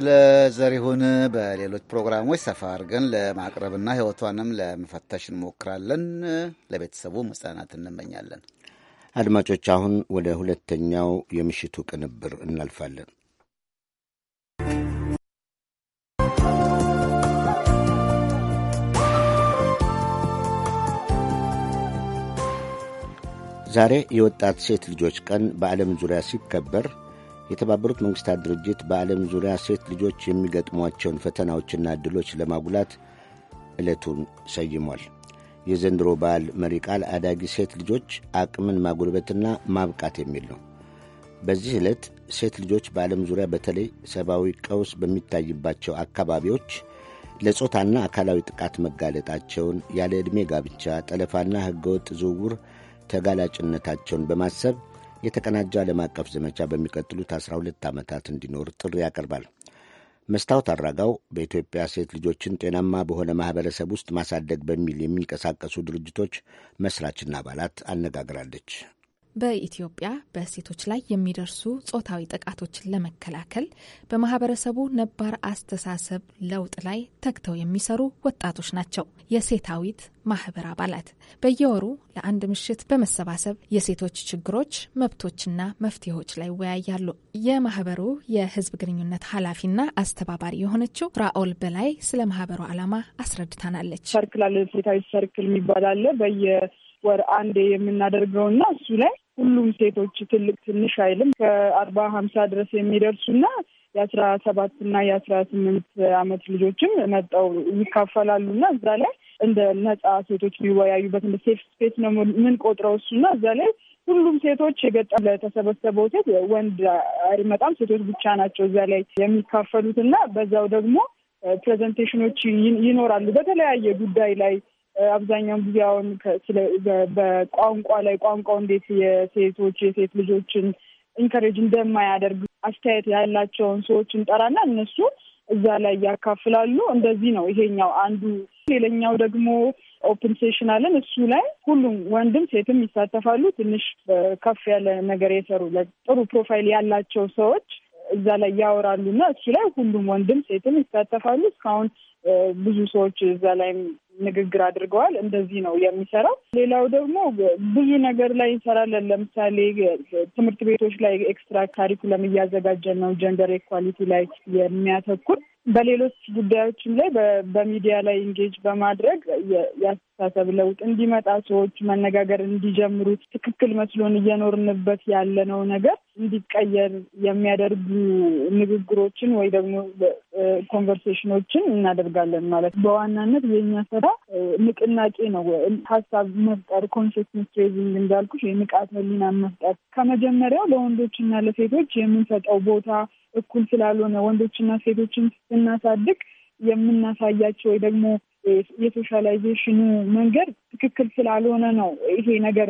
ስለ ዘሪሁን በሌሎች ፕሮግራሞች ሰፋ አድርገን ለማቅረብና ህይወቷንም ለመፈተሽ እንሞክራለን። ለቤተሰቡ መጽናናት እንመኛለን። አድማጮች፣ አሁን ወደ ሁለተኛው የምሽቱ ቅንብር እናልፋለን። ዛሬ የወጣት ሴት ልጆች ቀን በዓለም ዙሪያ ሲከበር የተባበሩት መንግሥታት ድርጅት በዓለም ዙሪያ ሴት ልጆች የሚገጥሟቸውን ፈተናዎችና ዕድሎች ለማጉላት ዕለቱን ሰይሟል። የዘንድሮ በዓል መሪ ቃል አዳጊ ሴት ልጆች አቅምን ማጎልበትና ማብቃት የሚል ነው። በዚህ ዕለት ሴት ልጆች በዓለም ዙሪያ በተለይ ሰብአዊ ቀውስ በሚታይባቸው አካባቢዎች ለጾታና አካላዊ ጥቃት መጋለጣቸውን፣ ያለ ዕድሜ ጋብቻ፣ ጠለፋና ሕገወጥ ዝውውር ተጋላጭነታቸውን በማሰብ የተቀናጀ ዓለም አቀፍ ዘመቻ በሚቀጥሉት 12 ዓመታት እንዲኖር ጥሪ ያቀርባል። መስታወት አራጋው በኢትዮጵያ ሴት ልጆችን ጤናማ በሆነ ማህበረሰብ ውስጥ ማሳደግ በሚል የሚንቀሳቀሱ ድርጅቶች መስራችና አባላት አነጋግራለች። በኢትዮጵያ በሴቶች ላይ የሚደርሱ ጾታዊ ጥቃቶችን ለመከላከል በማህበረሰቡ ነባር አስተሳሰብ ለውጥ ላይ ተግተው የሚሰሩ ወጣቶች ናቸው። የሴታዊት ማህበር አባላት በየወሩ ለአንድ ምሽት በመሰባሰብ የሴቶች ችግሮች፣ መብቶችና መፍትሄዎች ላይ ይወያያሉ። የማህበሩ የህዝብ ግንኙነት ኃላፊና አስተባባሪ የሆነችው ራኦል በላይ ስለ ማህበሩ ዓላማ አስረድታናለች። ሰርክል አለ ሴታዊት ሰርክል የሚባል አለ በየ አንዴ የምናደርገውና እሱ ላይ ሁሉም ሴቶች ትልቅ ትንሽ አይልም ከአርባ ሀምሳ ድረስ የሚደርሱና የአስራ ሰባት እና የአስራ ስምንት አመት ልጆችም መጠው ይካፈላሉ እና እዛ ላይ እንደ ነጻ ሴቶች የሚወያዩበት እንደ ሴፍ ስፔስ ነው ምን ቆጥረው እሱና እዛ ላይ ሁሉም ሴቶች የገጠም ለተሰበሰበው ሴት ወንድ አይመጣም። ሴቶች ብቻ ናቸው እዛ ላይ የሚካፈሉት እና በዛው ደግሞ ፕሬዘንቴሽኖች ይኖራሉ በተለያየ ጉዳይ ላይ አብዛኛውን ጊዜ አሁን በቋንቋ ላይ ቋንቋው እንዴት የሴቶች የሴት ልጆችን ኢንከሬጅ እንደማያደርግ አስተያየት ያላቸውን ሰዎች እንጠራና እነሱ እዛ ላይ ያካፍላሉ። እንደዚህ ነው ይሄኛው አንዱ። ሌላኛው ደግሞ ኦፕን ሴሽን አለን። እሱ ላይ ሁሉም ወንድም ሴትም ይሳተፋሉ። ትንሽ ከፍ ያለ ነገር የሰሩ ጥሩ ፕሮፋይል ያላቸው ሰዎች እዛ ላይ ያወራሉ እና እሱ ላይ ሁሉም ወንድም ሴትም ይሳተፋሉ። እስካሁን ብዙ ሰዎች እዛ ላይም ንግግር አድርገዋል። እንደዚህ ነው የሚሰራው። ሌላው ደግሞ ብዙ ነገር ላይ እንሰራለን። ለምሳሌ ትምህርት ቤቶች ላይ ኤክስትራ ካሪኩለም እያዘጋጀን ነው፣ ጀንደር ኢኳሊቲ ላይ የሚያተኩር በሌሎች ጉዳዮችም ላይ በሚዲያ ላይ ኢንጌጅ በማድረግ የአስተሳሰብ ለውጥ እንዲመጣ ሰዎች መነጋገር እንዲጀምሩ ትክክል መስሎን እየኖርንበት ያለነው ነገር እንዲቀየር የሚያደርጉ ንግግሮችን ወይ ደግሞ ኮንቨርሴሽኖችን እናደርጋለን ማለት በዋናነት የኛ ሰራ ንቅናቄ ነው። ሀሳብ መፍጠር ኮንሽስነስ ሬዚንግ እንዳልኩሽ የንቃተ ህሊና መፍጠር ከመጀመሪያው ለወንዶችና ለሴቶች የምንሰጠው ቦታ እኩል ስላልሆነ ወንዶችና ሴቶችን ስናሳድግ የምናሳያቸው ወይ ደግሞ የሶሻላይዜሽኑ መንገድ ትክክል ስላልሆነ ነው ይሄ ነገር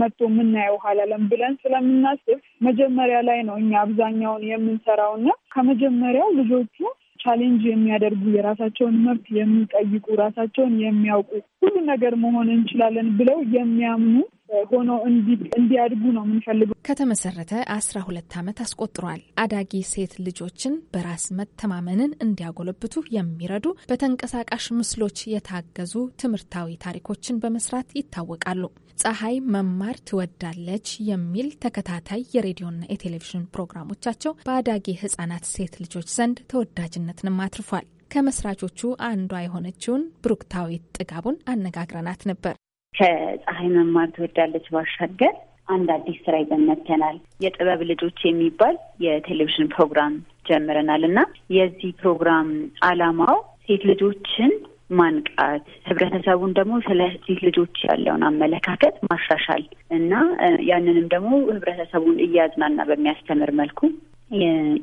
መጥቶ የምናየው ኋላለም ብለን ስለምናስብ መጀመሪያ ላይ ነው እኛ አብዛኛውን የምንሰራውና ከመጀመሪያው ልጆቹ ቻሌንጅ የሚያደርጉ የራሳቸውን መብት የሚጠይቁ ራሳቸውን የሚያውቁ ሁሉ ነገር መሆን እንችላለን ብለው የሚያምኑ ሆኖ እንዲያድጉ ነው የምንፈልገው። ከተመሰረተ አስራ ሁለት ዓመት አስቆጥሯል። አዳጊ ሴት ልጆችን በራስ መተማመንን እንዲያጎለብቱ የሚረዱ በተንቀሳቃሽ ምስሎች የታገዙ ትምህርታዊ ታሪኮችን በመስራት ይታወቃሉ። ፀሐይ መማር ትወዳለች የሚል ተከታታይ የሬዲዮና የቴሌቪዥን ፕሮግራሞቻቸው በአዳጊ ህጻናት ሴት ልጆች ዘንድ ተወዳጅነትንም አትርፏል። ከመስራቾቹ አንዷ የሆነችውን ብሩክታዊት ጥጋቡን አነጋግረናት ነበር። ከፀሐይ መማር ትወዳለች ባሻገር አንድ አዲስ ስራ ይዘን መጥተናል። የጥበብ ልጆች የሚባል የቴሌቪዥን ፕሮግራም ጀምረናል እና የዚህ ፕሮግራም አላማው ሴት ልጆችን ማንቃት፣ ህብረተሰቡን ደግሞ ስለዚህ ልጆች ያለውን አመለካከት ማሻሻል እና ያንንም ደግሞ ህብረተሰቡን እያዝናና በሚያስተምር መልኩ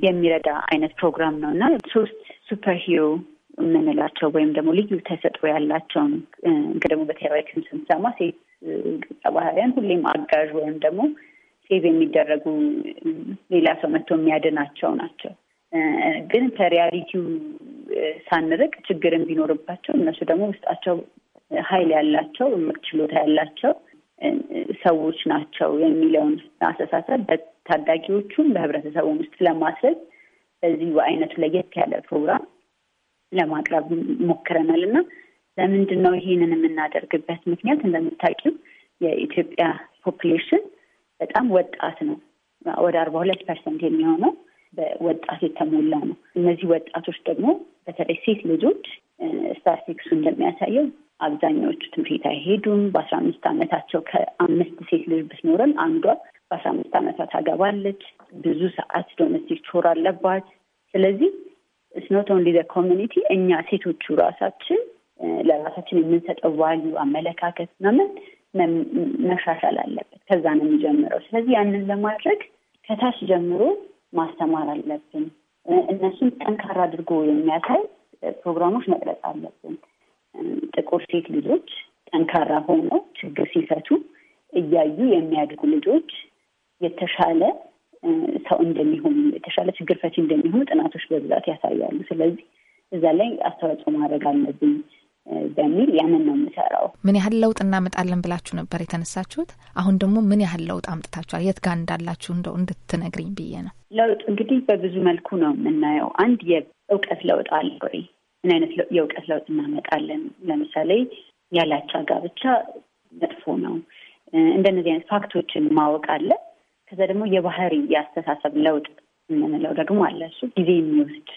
የሚረዳ አይነት ፕሮግራም ነው እና ሶስት ሱፐር ሂሮ የምንላቸው ወይም ደግሞ ልዩ ተሰጥኦ ያላቸውን እንግዲህ ደግሞ በተራይክም ስንሰማ ሴት ገጸ ባህሪያን ሁሌም አጋዥ ወይም ደግሞ ሴቭ የሚደረጉ ሌላ ሰው መጥቶ የሚያድናቸው ናቸው። ግን ከሪያሊቲው ሳንርቅ ችግርን ቢኖርባቸው እነሱ ደግሞ ውስጣቸው ኃይል ያላቸው ችሎታ ያላቸው ሰዎች ናቸው የሚለውን አስተሳሰብ በታዳጊዎቹም በህብረተሰቡም ውስጥ ለማስረግ በዚህ አይነቱ ለየት ያለ ፕሮግራም ለማቅረብ ሞክረናል እና ለምንድን ነው ይሄንን የምናደርግበት ምክንያት እንደምታውቂው የኢትዮጵያ ፖፕሌሽን በጣም ወጣት ነው። ወደ አርባ ሁለት ፐርሰንት የሚሆነው በወጣት የተሞላ ነው። እነዚህ ወጣቶች ደግሞ በተለይ ሴት ልጆች ስታቲስቲክሱ እንደሚያሳየው አብዛኛዎቹ ትምህርት አይሄዱም። በአስራ አምስት ዓመታቸው ከአምስት ሴት ልጅ ብትኖረን አንዷ በአስራ አምስት ዓመቷ ታገባለች። ብዙ ሰዓት ዶሜስቲክ ቾር አለባት። ስለዚህ ስኖት ኦንሊ ዘ ኮሚኒቲ እኛ ሴቶቹ ራሳችን ለራሳችን የምንሰጠው ቫሉ አመለካከት ምናምን መሻሻል አለበት። ከዛ ነው የሚጀምረው። ስለዚህ ያንን ለማድረግ ከታች ጀምሮ ማስተማር አለብን። እነሱን ጠንካራ አድርጎ የሚያሳይ ፕሮግራሞች መቅረጽ አለብን። ጥቁር ሴት ልጆች ጠንካራ ሆነው ችግር ሲፈቱ እያዩ የሚያድጉ ልጆች የተሻለ ሰው እንደሚሆኑ የተሻለ ችግር ፈቺ እንደሚሆኑ ጥናቶች በብዛት ያሳያሉ። ስለዚህ እዛ ላይ አስተዋጽኦ ማድረግ አለብኝ። በሚል ያንን ነው የምሰራው። ምን ያህል ለውጥ እናመጣለን ብላችሁ ነበር የተነሳችሁት? አሁን ደግሞ ምን ያህል ለውጥ አምጥታችኋል? የት ጋር እንዳላችሁ እንደው እንድትነግሪኝ ብዬ ነው። ለውጥ እንግዲህ በብዙ መልኩ ነው የምናየው። አንድ የእውቀት ለውጥ አለ ወይ? ምን አይነት የእውቀት ለውጥ እናመጣለን? ለምሳሌ ያላቻ ጋብቻ መጥፎ ነው። እንደነዚህ አይነት ፋክቶችን ማወቅ አለ። ከዛ ደግሞ የባህሪ የአስተሳሰብ ለውጥ የምንለው ደግሞ አለ። እሱ ጊዜ የሚወስድ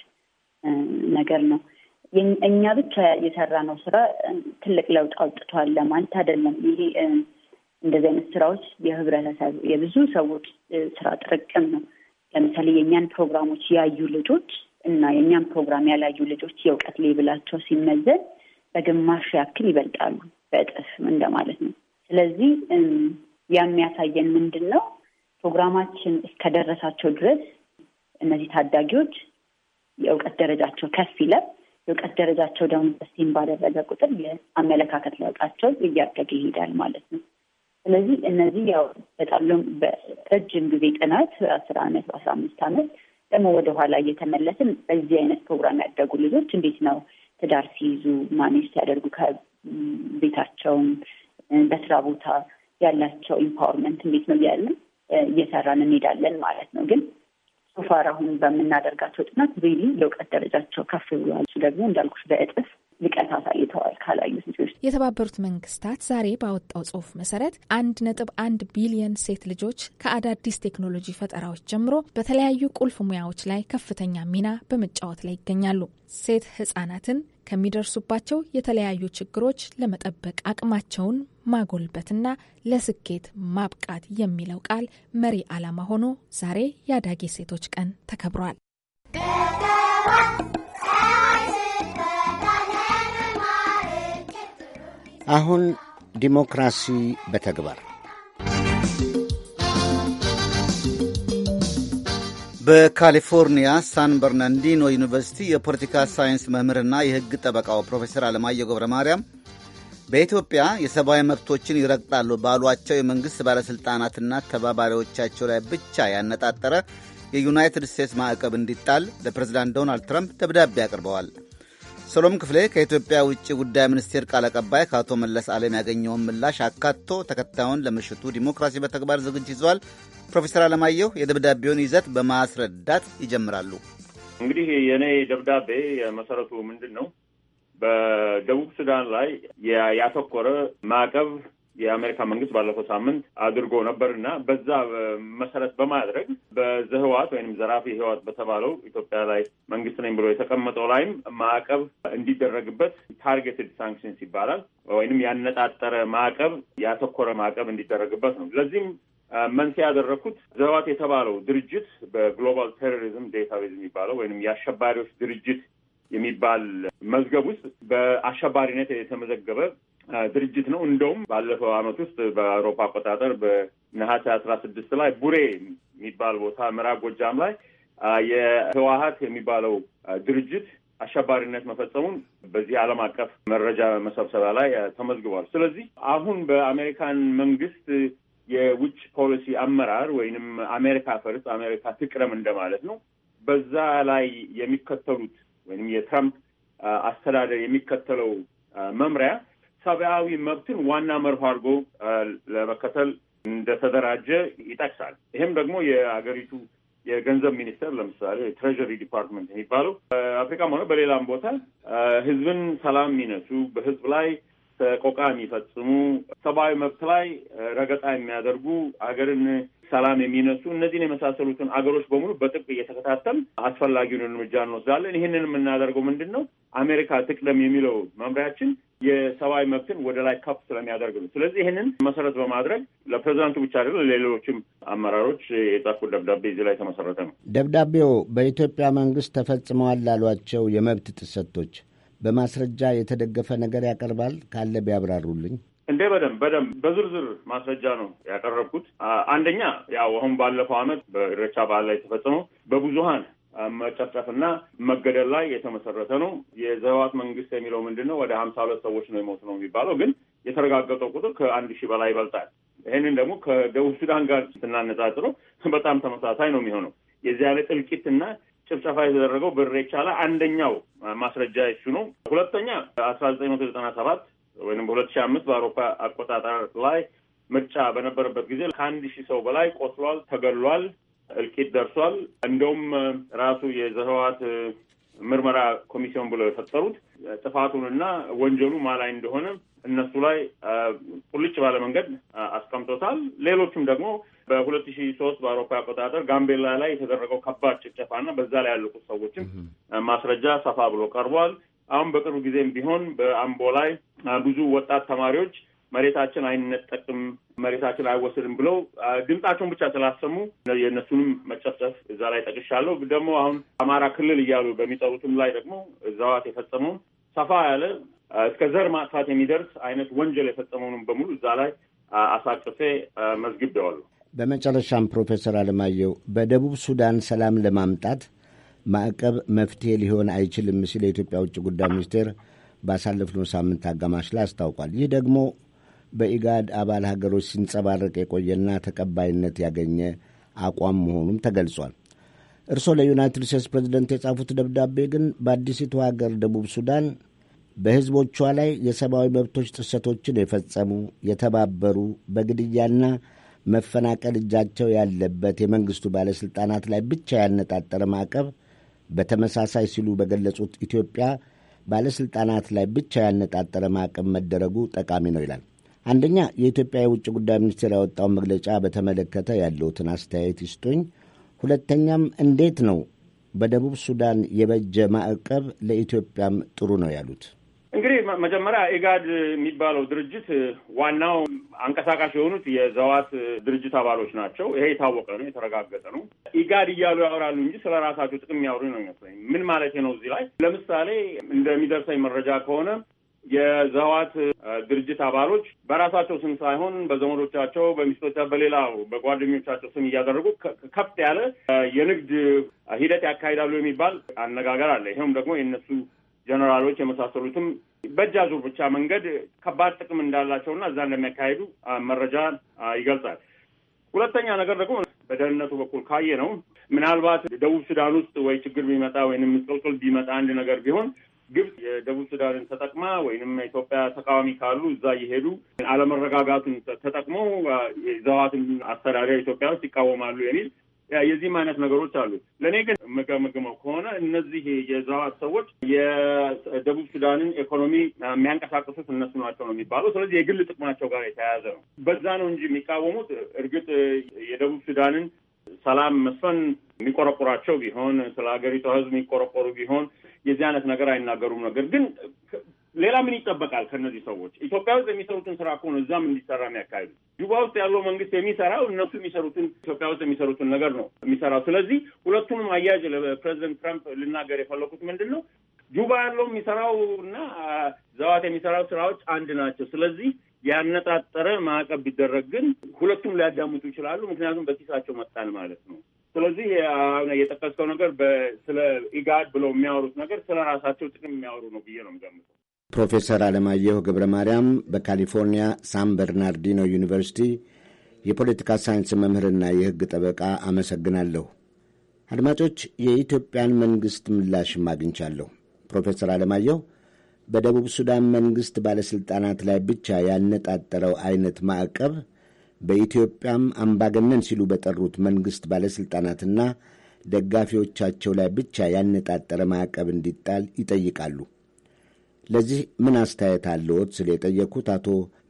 ነገር ነው። እኛ ብቻ የሰራ ነው ስራ ትልቅ ለውጥ አውጥቷል ለማለት አይደለም። ይሄ እንደዚህ አይነት ስራዎች የህብረተሰብ የብዙ ሰዎች ስራ ጥርቅም ነው። ለምሳሌ የእኛን ፕሮግራሞች ያዩ ልጆች እና የእኛን ፕሮግራም ያላዩ ልጆች የእውቀት ሌብላቸው ሲመዘን በግማሽ ያክል ይበልጣሉ፣ በእጥፍ እንደማለት ነው። ስለዚህ ያ የሚያሳየን ምንድን ነው? ፕሮግራማችን እስከደረሳቸው ድረስ እነዚህ ታዳጊዎች የእውቀት ደረጃቸው ከፍ ይለብ እውቀት ደረጃቸው ደግሞ በስቲም ባደረገ ቁጥር የአመለካከት ለውጣቸው እያደገ ይሄዳል ማለት ነው። ስለዚህ እነዚህ ያው በጣም በረጅም ጊዜ ጥናት በአስር አመት በአስራ አምስት አመት ደግሞ ወደኋላ እየተመለስን በዚህ አይነት ፕሮግራም ያደጉ ልጆች እንዴት ነው ትዳር ሲይዙ ማኔጅ ሲያደርጉ ከቤታቸውም በስራ ቦታ ያላቸው ኢምፓወርመንት እንዴት ነው እያለን እየሰራን እንሄዳለን ማለት ነው ግን ሶፋር አሁን በምናደርጋቸው ጥናት ሪሊ የእውቀት ደረጃቸው ከፍ ብሏል። ደግሞ እንዳልኩት በእጥፍ ልቀት አሳይተዋል ካላዩት ልጆች። የተባበሩት መንግስታት ዛሬ ባወጣው ጽሁፍ መሰረት አንድ ነጥብ አንድ ቢሊየን ሴት ልጆች ከአዳዲስ ቴክኖሎጂ ፈጠራዎች ጀምሮ በተለያዩ ቁልፍ ሙያዎች ላይ ከፍተኛ ሚና በመጫወት ላይ ይገኛሉ። ሴት ህጻናትን ከሚደርሱባቸው የተለያዩ ችግሮች ለመጠበቅ አቅማቸውን ማጎልበትና ለስኬት ማብቃት የሚለው ቃል መሪ ዓላማ ሆኖ ዛሬ የአዳጊ ሴቶች ቀን ተከብሯል። አሁን ዲሞክራሲ በተግባር በካሊፎርኒያ ሳን በርናንዲኖ ዩኒቨርሲቲ የፖለቲካ ሳይንስ መምህርና የሕግ ጠበቃው ፕሮፌሰር አለማየሁ ገብረ ማርያም በኢትዮጵያ የሰብአዊ መብቶችን ይረግጣሉ ባሏቸው የመንግሥት ባለሥልጣናትና ተባባሪዎቻቸው ላይ ብቻ ያነጣጠረ የዩናይትድ ስቴትስ ማዕቀብ እንዲጣል ለፕሬዝዳንት ዶናልድ ትራምፕ ደብዳቤ አቅርበዋል። ሰሎም ክፍሌ ከኢትዮጵያ ውጭ ጉዳይ ሚኒስቴር ቃል አቀባይ ከአቶ መለስ ዓለም ያገኘውን ምላሽ አካቶ ተከታዩን ለምሽቱ ዲሞክራሲ በተግባር ዝግጅት ይዟል። ፕሮፌሰር አለማየሁ የደብዳቤውን ይዘት በማስረዳት ይጀምራሉ። እንግዲህ የእኔ ደብዳቤ መሰረቱ ምንድን ነው? ደቡብ ሱዳን ላይ ያተኮረ ማዕቀብ የአሜሪካ መንግስት ባለፈው ሳምንት አድርጎ ነበር እና በዛ መሰረት በማድረግ በዘህዋት ወይም ዘራፊ ህዋት በተባለው ኢትዮጵያ ላይ መንግስት ነኝ ብሎ የተቀመጠው ላይም ማዕቀብ እንዲደረግበት ታርጌትድ ሳንክሽንስ ይባላል። ወይንም ያነጣጠረ ማዕቀብ፣ ያተኮረ ማዕቀብ እንዲደረግበት ነው። ለዚህም መንስኤ ያደረግኩት ዘህዋት የተባለው ድርጅት በግሎባል ቴሮሪዝም ዴታቤዝ የሚባለው ወይም የአሸባሪዎች ድርጅት የሚባል መዝገብ ውስጥ በአሸባሪነት የተመዘገበ ድርጅት ነው። እንደውም ባለፈው ዓመት ውስጥ በአውሮፓ አቆጣጠር በነሐሴ አስራ ስድስት ላይ ቡሬ የሚባል ቦታ ምዕራብ ጎጃም ላይ የህወሀት የሚባለው ድርጅት አሸባሪነት መፈጸሙን በዚህ ዓለም አቀፍ መረጃ መሰብሰቢያ ላይ ተመዝግቧል። ስለዚህ አሁን በአሜሪካን መንግስት የውጭ ፖሊሲ አመራር ወይንም አሜሪካ ፈርስ አሜሪካ ትቅደም እንደማለት ነው። በዛ ላይ የሚከተሉት ወይም የትራምፕ አስተዳደር የሚከተለው መምሪያ ሰብአዊ መብትን ዋና መርሆ አድርጎ ለመከተል እንደተደራጀ ይጠቅሳል። ይህም ደግሞ የአገሪቱ የገንዘብ ሚኒስቴር ለምሳሌ የትሬዥሪ ዲፓርትመንት የሚባለው አፍሪካም ሆነ በሌላም ቦታ ህዝብን ሰላም የሚነሱ በህዝብ ላይ ተቆቃ የሚፈጽሙ ሰብአዊ መብት ላይ ረገጣ የሚያደርጉ ሀገርን ሰላም የሚነሱ እነዚህን የመሳሰሉትን አገሮች በሙሉ በጥብቅ እየተከታተል አስፈላጊውን እርምጃ እንወስዳለን። ይህንን የምናደርገው ምንድን ነው አሜሪካ ትቅደም የሚለው መምሪያችን የሰብአዊ መብትን ወደ ላይ ከፍ ስለሚያደርግ ነው። ስለዚህ ይህንን መሰረት በማድረግ ለፕሬዚዳንቱ ብቻ አይደለም ለሌሎችም አመራሮች የጻፉት ደብዳቤ እዚህ ላይ የተመሰረተ ነው። ደብዳቤው በኢትዮጵያ መንግስት ተፈጽመዋል ላሏቸው የመብት ጥሰቶች በማስረጃ የተደገፈ ነገር ያቀርባል ካለ ቢያብራሩልኝ። እንዴ በደንብ በደንብ በዝርዝር ማስረጃ ነው ያቀረብኩት። አንደኛ ያው አሁን ባለፈው ዓመት በኢሬቻ በዓል ላይ ተፈጽሞ በብዙሀን መጨፍጨፍና መገደል ላይ የተመሰረተ ነው። የዘዋት መንግስት የሚለው ምንድን ነው? ወደ ሀምሳ ሁለት ሰዎች ነው የሞት ነው የሚባለው፣ ግን የተረጋገጠው ቁጥር ከአንድ ሺህ በላይ ይበልጣል። ይህንን ደግሞ ከደቡብ ሱዳን ጋር ስናነጻጽረው በጣም ተመሳሳይ ነው የሚሆነው። የዚህ ያለ ጥልቂትና ጭፍጨፋ የተደረገው በኢሬቻ ላይ አንደኛው ማስረጃ እሱ ነው። ሁለተኛ አስራ ዘጠኝ መቶ ዘጠና ሰባት ወይም በሁለት ሺ አምስት በአውሮፓ አቆጣጠር ላይ ምርጫ በነበረበት ጊዜ ከአንድ ሺህ ሰው በላይ ቆስሏል፣ ተገሏል፣ እልቂት ደርሷል። እንደውም ራሱ የዘህዋት ምርመራ ኮሚሲዮን ብለው የፈጠሩት ጥፋቱንና ወንጀሉ ማላይ እንደሆነ እነሱ ላይ ቁልጭ ባለ መንገድ አስቀምጦታል። ሌሎችም ደግሞ በሁለት ሺ ሶስት በአውሮፓ አቆጣጠር ጋምቤላ ላይ የተደረገው ከባድ ጭፍጨፋና በዛ ላይ ያለቁት ሰዎችም ማስረጃ ሰፋ ብሎ ቀርቧል። አሁን በቅርብ ጊዜም ቢሆን በአምቦ ላይ ብዙ ወጣት ተማሪዎች መሬታችን አይነጠቅም፣ መሬታችን አይወስድም ብለው ድምጻቸውን ብቻ ስላሰሙ የእነሱንም መጨፍጨፍ እዛ ላይ ጠቅሻለሁ። ደግሞ አሁን አማራ ክልል እያሉ በሚጠሩትም ላይ ደግሞ እዛዋት የፈጸመውን ሰፋ ያለ እስከ ዘር ማጥፋት የሚደርስ አይነት ወንጀል የፈጸመውንም በሙሉ እዛ ላይ አሳቅፌ መዝግቤዋለሁ። በመጨረሻም ፕሮፌሰር አለማየሁ በደቡብ ሱዳን ሰላም ለማምጣት ማዕቀብ መፍትሄ ሊሆን አይችልም ሲል የኢትዮጵያ ውጭ ጉዳይ ሚኒስቴር ባሳለፍነው ሳምንት አጋማሽ ላይ አስታውቋል። ይህ ደግሞ በኢጋድ አባል ሀገሮች ሲንጸባረቅ የቆየና ተቀባይነት ያገኘ አቋም መሆኑም ተገልጿል። እርስዎ ለዩናይትድ ስቴትስ ፕሬዚደንት የጻፉት ደብዳቤ ግን በአዲሲቱ ሀገር ደቡብ ሱዳን በሕዝቦቿ ላይ የሰብአዊ መብቶች ጥሰቶችን የፈጸሙ የተባበሩ፣ በግድያና መፈናቀል እጃቸው ያለበት የመንግሥቱ ባለሥልጣናት ላይ ብቻ ያነጣጠረ ማዕቀብ በተመሳሳይ ሲሉ በገለጹት ኢትዮጵያ ባለሥልጣናት ላይ ብቻ ያነጣጠረ ማዕቀብ መደረጉ ጠቃሚ ነው ይላል። አንደኛ የኢትዮጵያ የውጭ ጉዳይ ሚኒስቴር ያወጣውን መግለጫ በተመለከተ ያለውትን አስተያየት ይስጡኝ። ሁለተኛም እንዴት ነው በደቡብ ሱዳን የበጀ ማዕቀብ ለኢትዮጵያም ጥሩ ነው ያሉት? እንግዲህ መጀመሪያ ኢጋድ የሚባለው ድርጅት ዋናው አንቀሳቃሽ የሆኑት የዘዋት ድርጅት አባሎች ናቸው። ይሄ የታወቀ ነው፣ የተረጋገጠ ነው። ኢጋድ እያሉ ያወራሉ እንጂ ስለ ራሳቸው ጥቅም የሚያወሩ ነው ይመስለኝ። ምን ማለት ነው? እዚህ ላይ ለምሳሌ እንደሚደርሰኝ መረጃ ከሆነ የዘዋት ድርጅት አባሎች በራሳቸው ስም ሳይሆን በዘመዶቻቸው፣ በሚስቶቻቸው፣ በሌላው በጓደኞቻቸው ስም እያደረጉ ከፍት ያለ የንግድ ሂደት ያካሂዳሉ የሚባል አነጋገር አለ። ይሄውም ደግሞ የእነሱ ጀነራሎች የመሳሰሉትም በእጅ አዙር ብቻ መንገድ ከባድ ጥቅም እንዳላቸውና እዛ እንደሚያካሄዱ መረጃ ይገልጻል። ሁለተኛ ነገር ደግሞ በደህንነቱ በኩል ካየ ነው ምናልባት ደቡብ ሱዳን ውስጥ ወይ ችግር ቢመጣ ወይም ምስቅልቅል ቢመጣ አንድ ነገር ቢሆን ግብጽ የደቡብ ሱዳንን ተጠቅማ ወይንም ኢትዮጵያ ተቃዋሚ ካሉ እዛ እየሄዱ አለመረጋጋቱን ተጠቅመው የህወሓትን አስተዳደር ኢትዮጵያ ውስጥ ይቃወማሉ የሚል የዚህም አይነት ነገሮች አሉ። ለእኔ ግን የምገመግመው ከሆነ እነዚህ የዛዋት ሰዎች የደቡብ ሱዳንን ኢኮኖሚ የሚያንቀሳቅሱት እነሱ ናቸው ነው የሚባለው። ስለዚህ የግል ጥቅማቸው ጋር የተያያዘ ነው። በዛ ነው እንጂ የሚቃወሙት እርግጥ የደቡብ ሱዳንን ሰላም መስፈን የሚቆረቆራቸው ቢሆን ስለ ሀገሪቷ ሕዝብ የሚቆረቆሩ ቢሆን የዚህ አይነት ነገር አይናገሩም። ነገር ግን ሌላ ምን ይጠበቃል ከእነዚህ ሰዎች? ኢትዮጵያ ውስጥ የሚሰሩትን ስራ ከሆነ እዛም እንዲሰራ የሚያካሂዱ ጁባ ውስጥ ያለው መንግስት የሚሰራው እነሱ የሚሰሩትን ኢትዮጵያ ውስጥ የሚሰሩትን ነገር ነው የሚሰራው። ስለዚህ ሁለቱንም አያያዥ ለፕሬዚደንት ትራምፕ ልናገር የፈለኩት ምንድን ነው ጁባ ያለው የሚሰራው እና ዘዋት የሚሰራው ስራዎች አንድ ናቸው። ስለዚህ ያነጣጠረ ማዕቀብ ቢደረግ ግን ሁለቱም ሊያዳምጡ ይችላሉ። ምክንያቱም በኪሳቸው መጣል ማለት ነው። ስለዚህ የጠቀስከው ነገር ስለ ኢጋድ ብለው የሚያወሩት ነገር ስለ ራሳቸው ጥቅም የሚያወሩ ነው ብዬ ነው የምገምተው። ፕሮፌሰር አለማየሁ ገብረ ማርያም በካሊፎርኒያ ሳን በርናርዲኖ ዩኒቨርሲቲ የፖለቲካ ሳይንስ መምህርና የሕግ ጠበቃ አመሰግናለሁ። አድማጮች፣ የኢትዮጵያን መንግሥት ምላሽም አግኝቻለሁ። ፕሮፌሰር አለማየሁ በደቡብ ሱዳን መንግሥት ባለሥልጣናት ላይ ብቻ ያነጣጠረው አይነት ማዕቀብ በኢትዮጵያም አምባገነን ሲሉ በጠሩት መንግሥት ባለሥልጣናትና ደጋፊዎቻቸው ላይ ብቻ ያነጣጠረ ማዕቀብ እንዲጣል ይጠይቃሉ። ለዚህ ምን አስተያየት አለዎት ስል የጠየቅኩት አቶ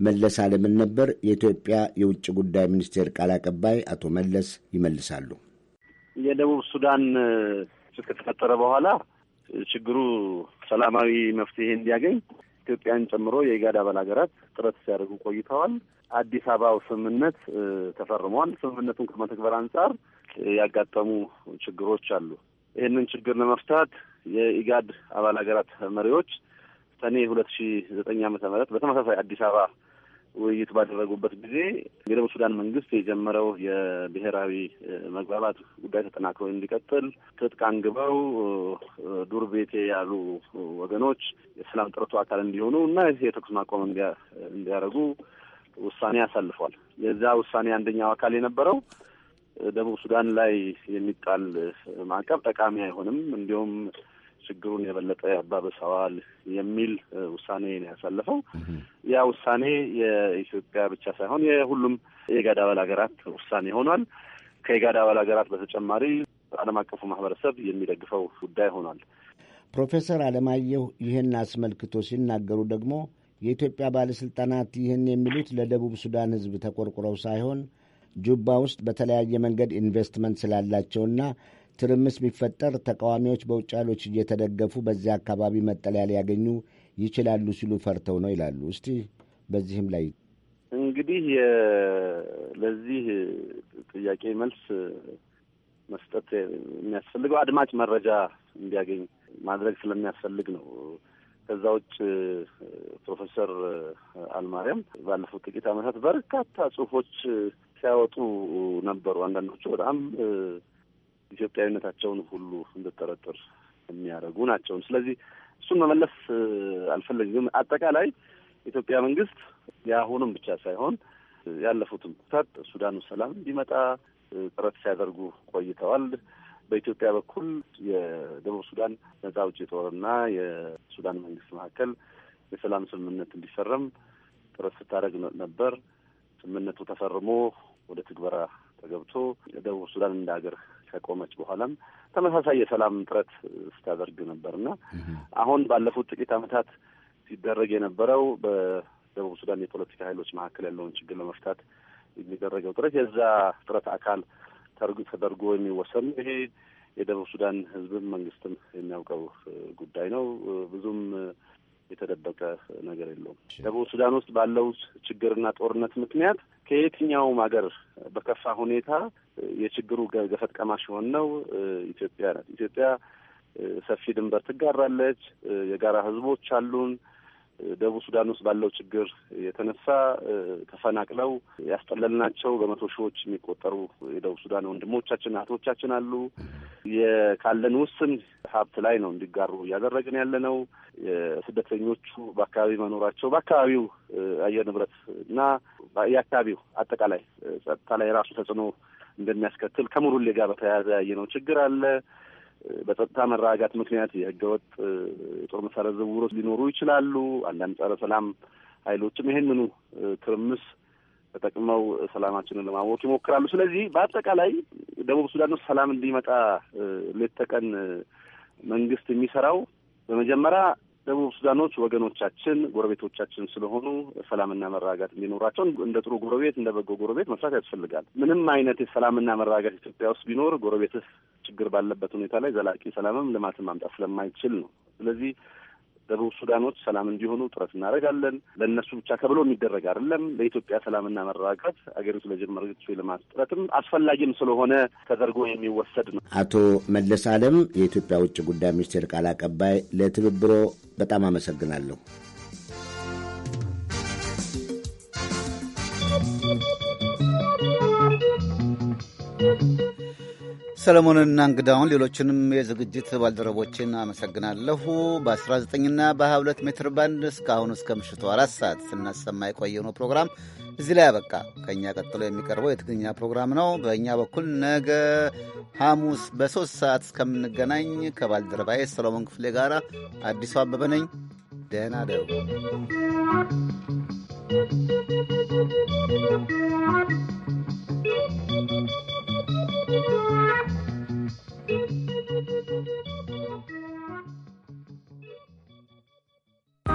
መለስ አለምን ነበር። የኢትዮጵያ የውጭ ጉዳይ ሚኒስቴር ቃል አቀባይ አቶ መለስ ይመልሳሉ። የደቡብ ሱዳን ከተፈጠረ በኋላ ችግሩ ሰላማዊ መፍትሄ እንዲያገኝ ኢትዮጵያን ጨምሮ የኢጋድ አባል ሀገራት ጥረት ሲያደርጉ ቆይተዋል። አዲስ አበባው ስምምነት ተፈርሟል ስምምነቱን ከመተግበር አንጻር ያጋጠሙ ችግሮች አሉ። ይህንን ችግር ለመፍታት የኢጋድ አባል ሀገራት መሪዎች ሰኔ ሁለት ሺ ዘጠኝ ዓመተ ምህረት በተመሳሳይ አዲስ አበባ ውይይት ባደረጉበት ጊዜ የደቡብ ሱዳን መንግስት የጀመረው የብሔራዊ መግባባት ጉዳይ ተጠናክሮ እንዲቀጥል ትጥቅ አንግበው ዱር ቤቴ ያሉ ወገኖች የሰላም ጥረቱ አካል እንዲሆኑ እና የተኩስ ማቆም እንዲያደርጉ ውሳኔ አሳልፏል። የዛ ውሳኔ አንደኛው አካል የነበረው ደቡብ ሱዳን ላይ የሚጣል ማዕቀብ ጠቃሚ አይሆንም፣ እንዲሁም ችግሩን የበለጠ ያባብሰዋል የሚል ውሳኔ ነው ያሳለፈው። ያ ውሳኔ የኢትዮጵያ ብቻ ሳይሆን የሁሉም የኢጋድ አባል ሀገራት ውሳኔ ሆኗል። ከኢጋድ አባል ሀገራት በተጨማሪ ዓለም አቀፉ ማህበረሰብ የሚደግፈው ጉዳይ ሆኗል። ፕሮፌሰር አለማየሁ ይህን አስመልክቶ ሲናገሩ ደግሞ የኢትዮጵያ ባለሥልጣናት ይህን የሚሉት ለደቡብ ሱዳን ሕዝብ ተቆርቁረው ሳይሆን ጁባ ውስጥ በተለያየ መንገድ ኢንቨስትመንት ስላላቸውና ትርምስ ቢፈጠር ተቃዋሚዎች በውጭ ኃይሎች እየተደገፉ በዚያ አካባቢ መጠለያ ሊያገኙ ይችላሉ ሲሉ ፈርተው ነው ይላሉ። እስቲ በዚህም ላይ እንግዲህ ለዚህ ጥያቄ መልስ መስጠት የሚያስፈልገው አድማጭ መረጃ እንዲያገኝ ማድረግ ስለሚያስፈልግ ነው። ከዛ ውጭ ፕሮፌሰር አልማርያም ባለፉት ጥቂት ዓመታት በርካታ ጽሁፎች ሲያወጡ ነበሩ። አንዳንዶቹ በጣም ኢትዮጵያዊነታቸውን ሁሉ እንድጠረጥር የሚያደርጉ ናቸው። ስለዚህ እሱን መመለስ አልፈለግም። አጠቃላይ ኢትዮጵያ መንግስት የአሁኑም ብቻ ሳይሆን ያለፉትም ታት ሱዳኑ ሰላም እንዲመጣ ጥረት ሲያደርጉ ቆይተዋል። በኢትዮጵያ በኩል የደቡብ ሱዳን ነጻ አውጪ ጦርና የሱዳን መንግስት መካከል የሰላም ስምምነት እንዲፈረም ጥረት ስታደርግ ነበር። ስምምነቱ ተፈርሞ ወደ ትግበራ ተገብቶ ደቡብ ሱዳን እንደ ሀገር ከቆመች በኋላም ተመሳሳይ የሰላም ጥረት ስታደርግ ነበርና አሁን ባለፉት ጥቂት ዓመታት ሲደረግ የነበረው በደቡብ ሱዳን የፖለቲካ ኃይሎች መካከል ያለውን ችግር ለመፍታት የሚደረገው ጥረት የዛ ጥረት አካል ተደርጎ የሚወሰኑ ይሄ የደቡብ ሱዳን ህዝብም መንግስትም የሚያውቀው ጉዳይ ነው። ብዙም የተደበቀ ነገር የለውም። ደቡብ ሱዳን ውስጥ ባለው ችግርና ጦርነት ምክንያት ከየትኛውም ሀገር በከፋ ሁኔታ የችግሩ ገፈት ቀማሽ የሆን ነው ኢትዮጵያ ናት። ኢትዮጵያ ሰፊ ድንበር ትጋራለች። የጋራ ህዝቦች አሉን። ደቡብ ሱዳን ውስጥ ባለው ችግር የተነሳ ተፈናቅለው ያስጠለልናቸው በመቶ ሺዎች የሚቆጠሩ የደቡብ ሱዳን ወንድሞቻችን እህቶቻችን አሉ። የካለን ውስን ሀብት ላይ ነው እንዲጋሩ እያደረግን ያለ ነው። የስደተኞቹ በአካባቢ መኖራቸው በአካባቢው አየር ንብረት እና የአካባቢው አጠቃላይ ጸጥታ ላይ የራሱ ተጽዕኖ እንደሚያስከትል ከሙሩሌ ጋር በተያያዘ ያየነው ችግር አለ። በጸጥታ መረጋጋት ምክንያት የህገወጥ የጦር መሳሪያ ዝውውሮች ሊኖሩ ይችላሉ። አንዳንድ ጸረ ሰላም ኃይሎችም ይህንኑ ትርምስ ተጠቅመው ሰላማችንን ለማወቅ ይሞክራሉ። ስለዚህ በአጠቃላይ ደቡብ ሱዳን ውስጥ ሰላም እንዲመጣ ሌት ተቀን መንግስት የሚሰራው በመጀመሪያ ደቡብ ሱዳኖች ወገኖቻችን፣ ጎረቤቶቻችን ስለሆኑ ሰላምና መረጋጋት እንዲኖራቸው እንደ ጥሩ ጎረቤት እንደ በጎ ጎረቤት መስራት ያስፈልጋል። ምንም አይነት የሰላምና መረጋጋት ኢትዮጵያ ውስጥ ቢኖር ጎረቤትህ ችግር ባለበት ሁኔታ ላይ ዘላቂ ሰላምም ልማትን ማምጣት ስለማይችል ነው። ስለዚህ ደቡብ ሱዳኖች ሰላም እንዲሆኑ ጥረት እናደርጋለን። ለእነሱ ብቻ ተብሎ የሚደረግ አይደለም። ለኢትዮጵያ ሰላምና መረጋጋት አገሪቱ ለጀመረችው የልማት ጥረትም አስፈላጊም ስለሆነ ተደርጎ የሚወሰድ ነው። አቶ መለስ አለም የኢትዮጵያ ውጭ ጉዳይ ሚኒስቴር ቃል አቀባይ፣ ለትብብሮ በጣም አመሰግናለሁ። ሰለሞንና እንግዳውን ሌሎችንም የዝግጅት ባልደረቦችን አመሰግናለሁ። በ19ና በ22 ሜትር ባንድ እስካሁን እስከ ምሽቱ አራት ሰዓት ስናሰማ የቆየነው ፕሮግራም እዚህ ላይ አበቃ። ከእኛ ቀጥሎ የሚቀርበው የትግርኛ ፕሮግራም ነው። በእኛ በኩል ነገ ሐሙስ በሶስት ሰዓት እስከምንገናኝ ከባልደረባዬ ሰለሞን ክፍሌ ጋር አዲሱ አበበ ነኝ። ደህና ደሩ።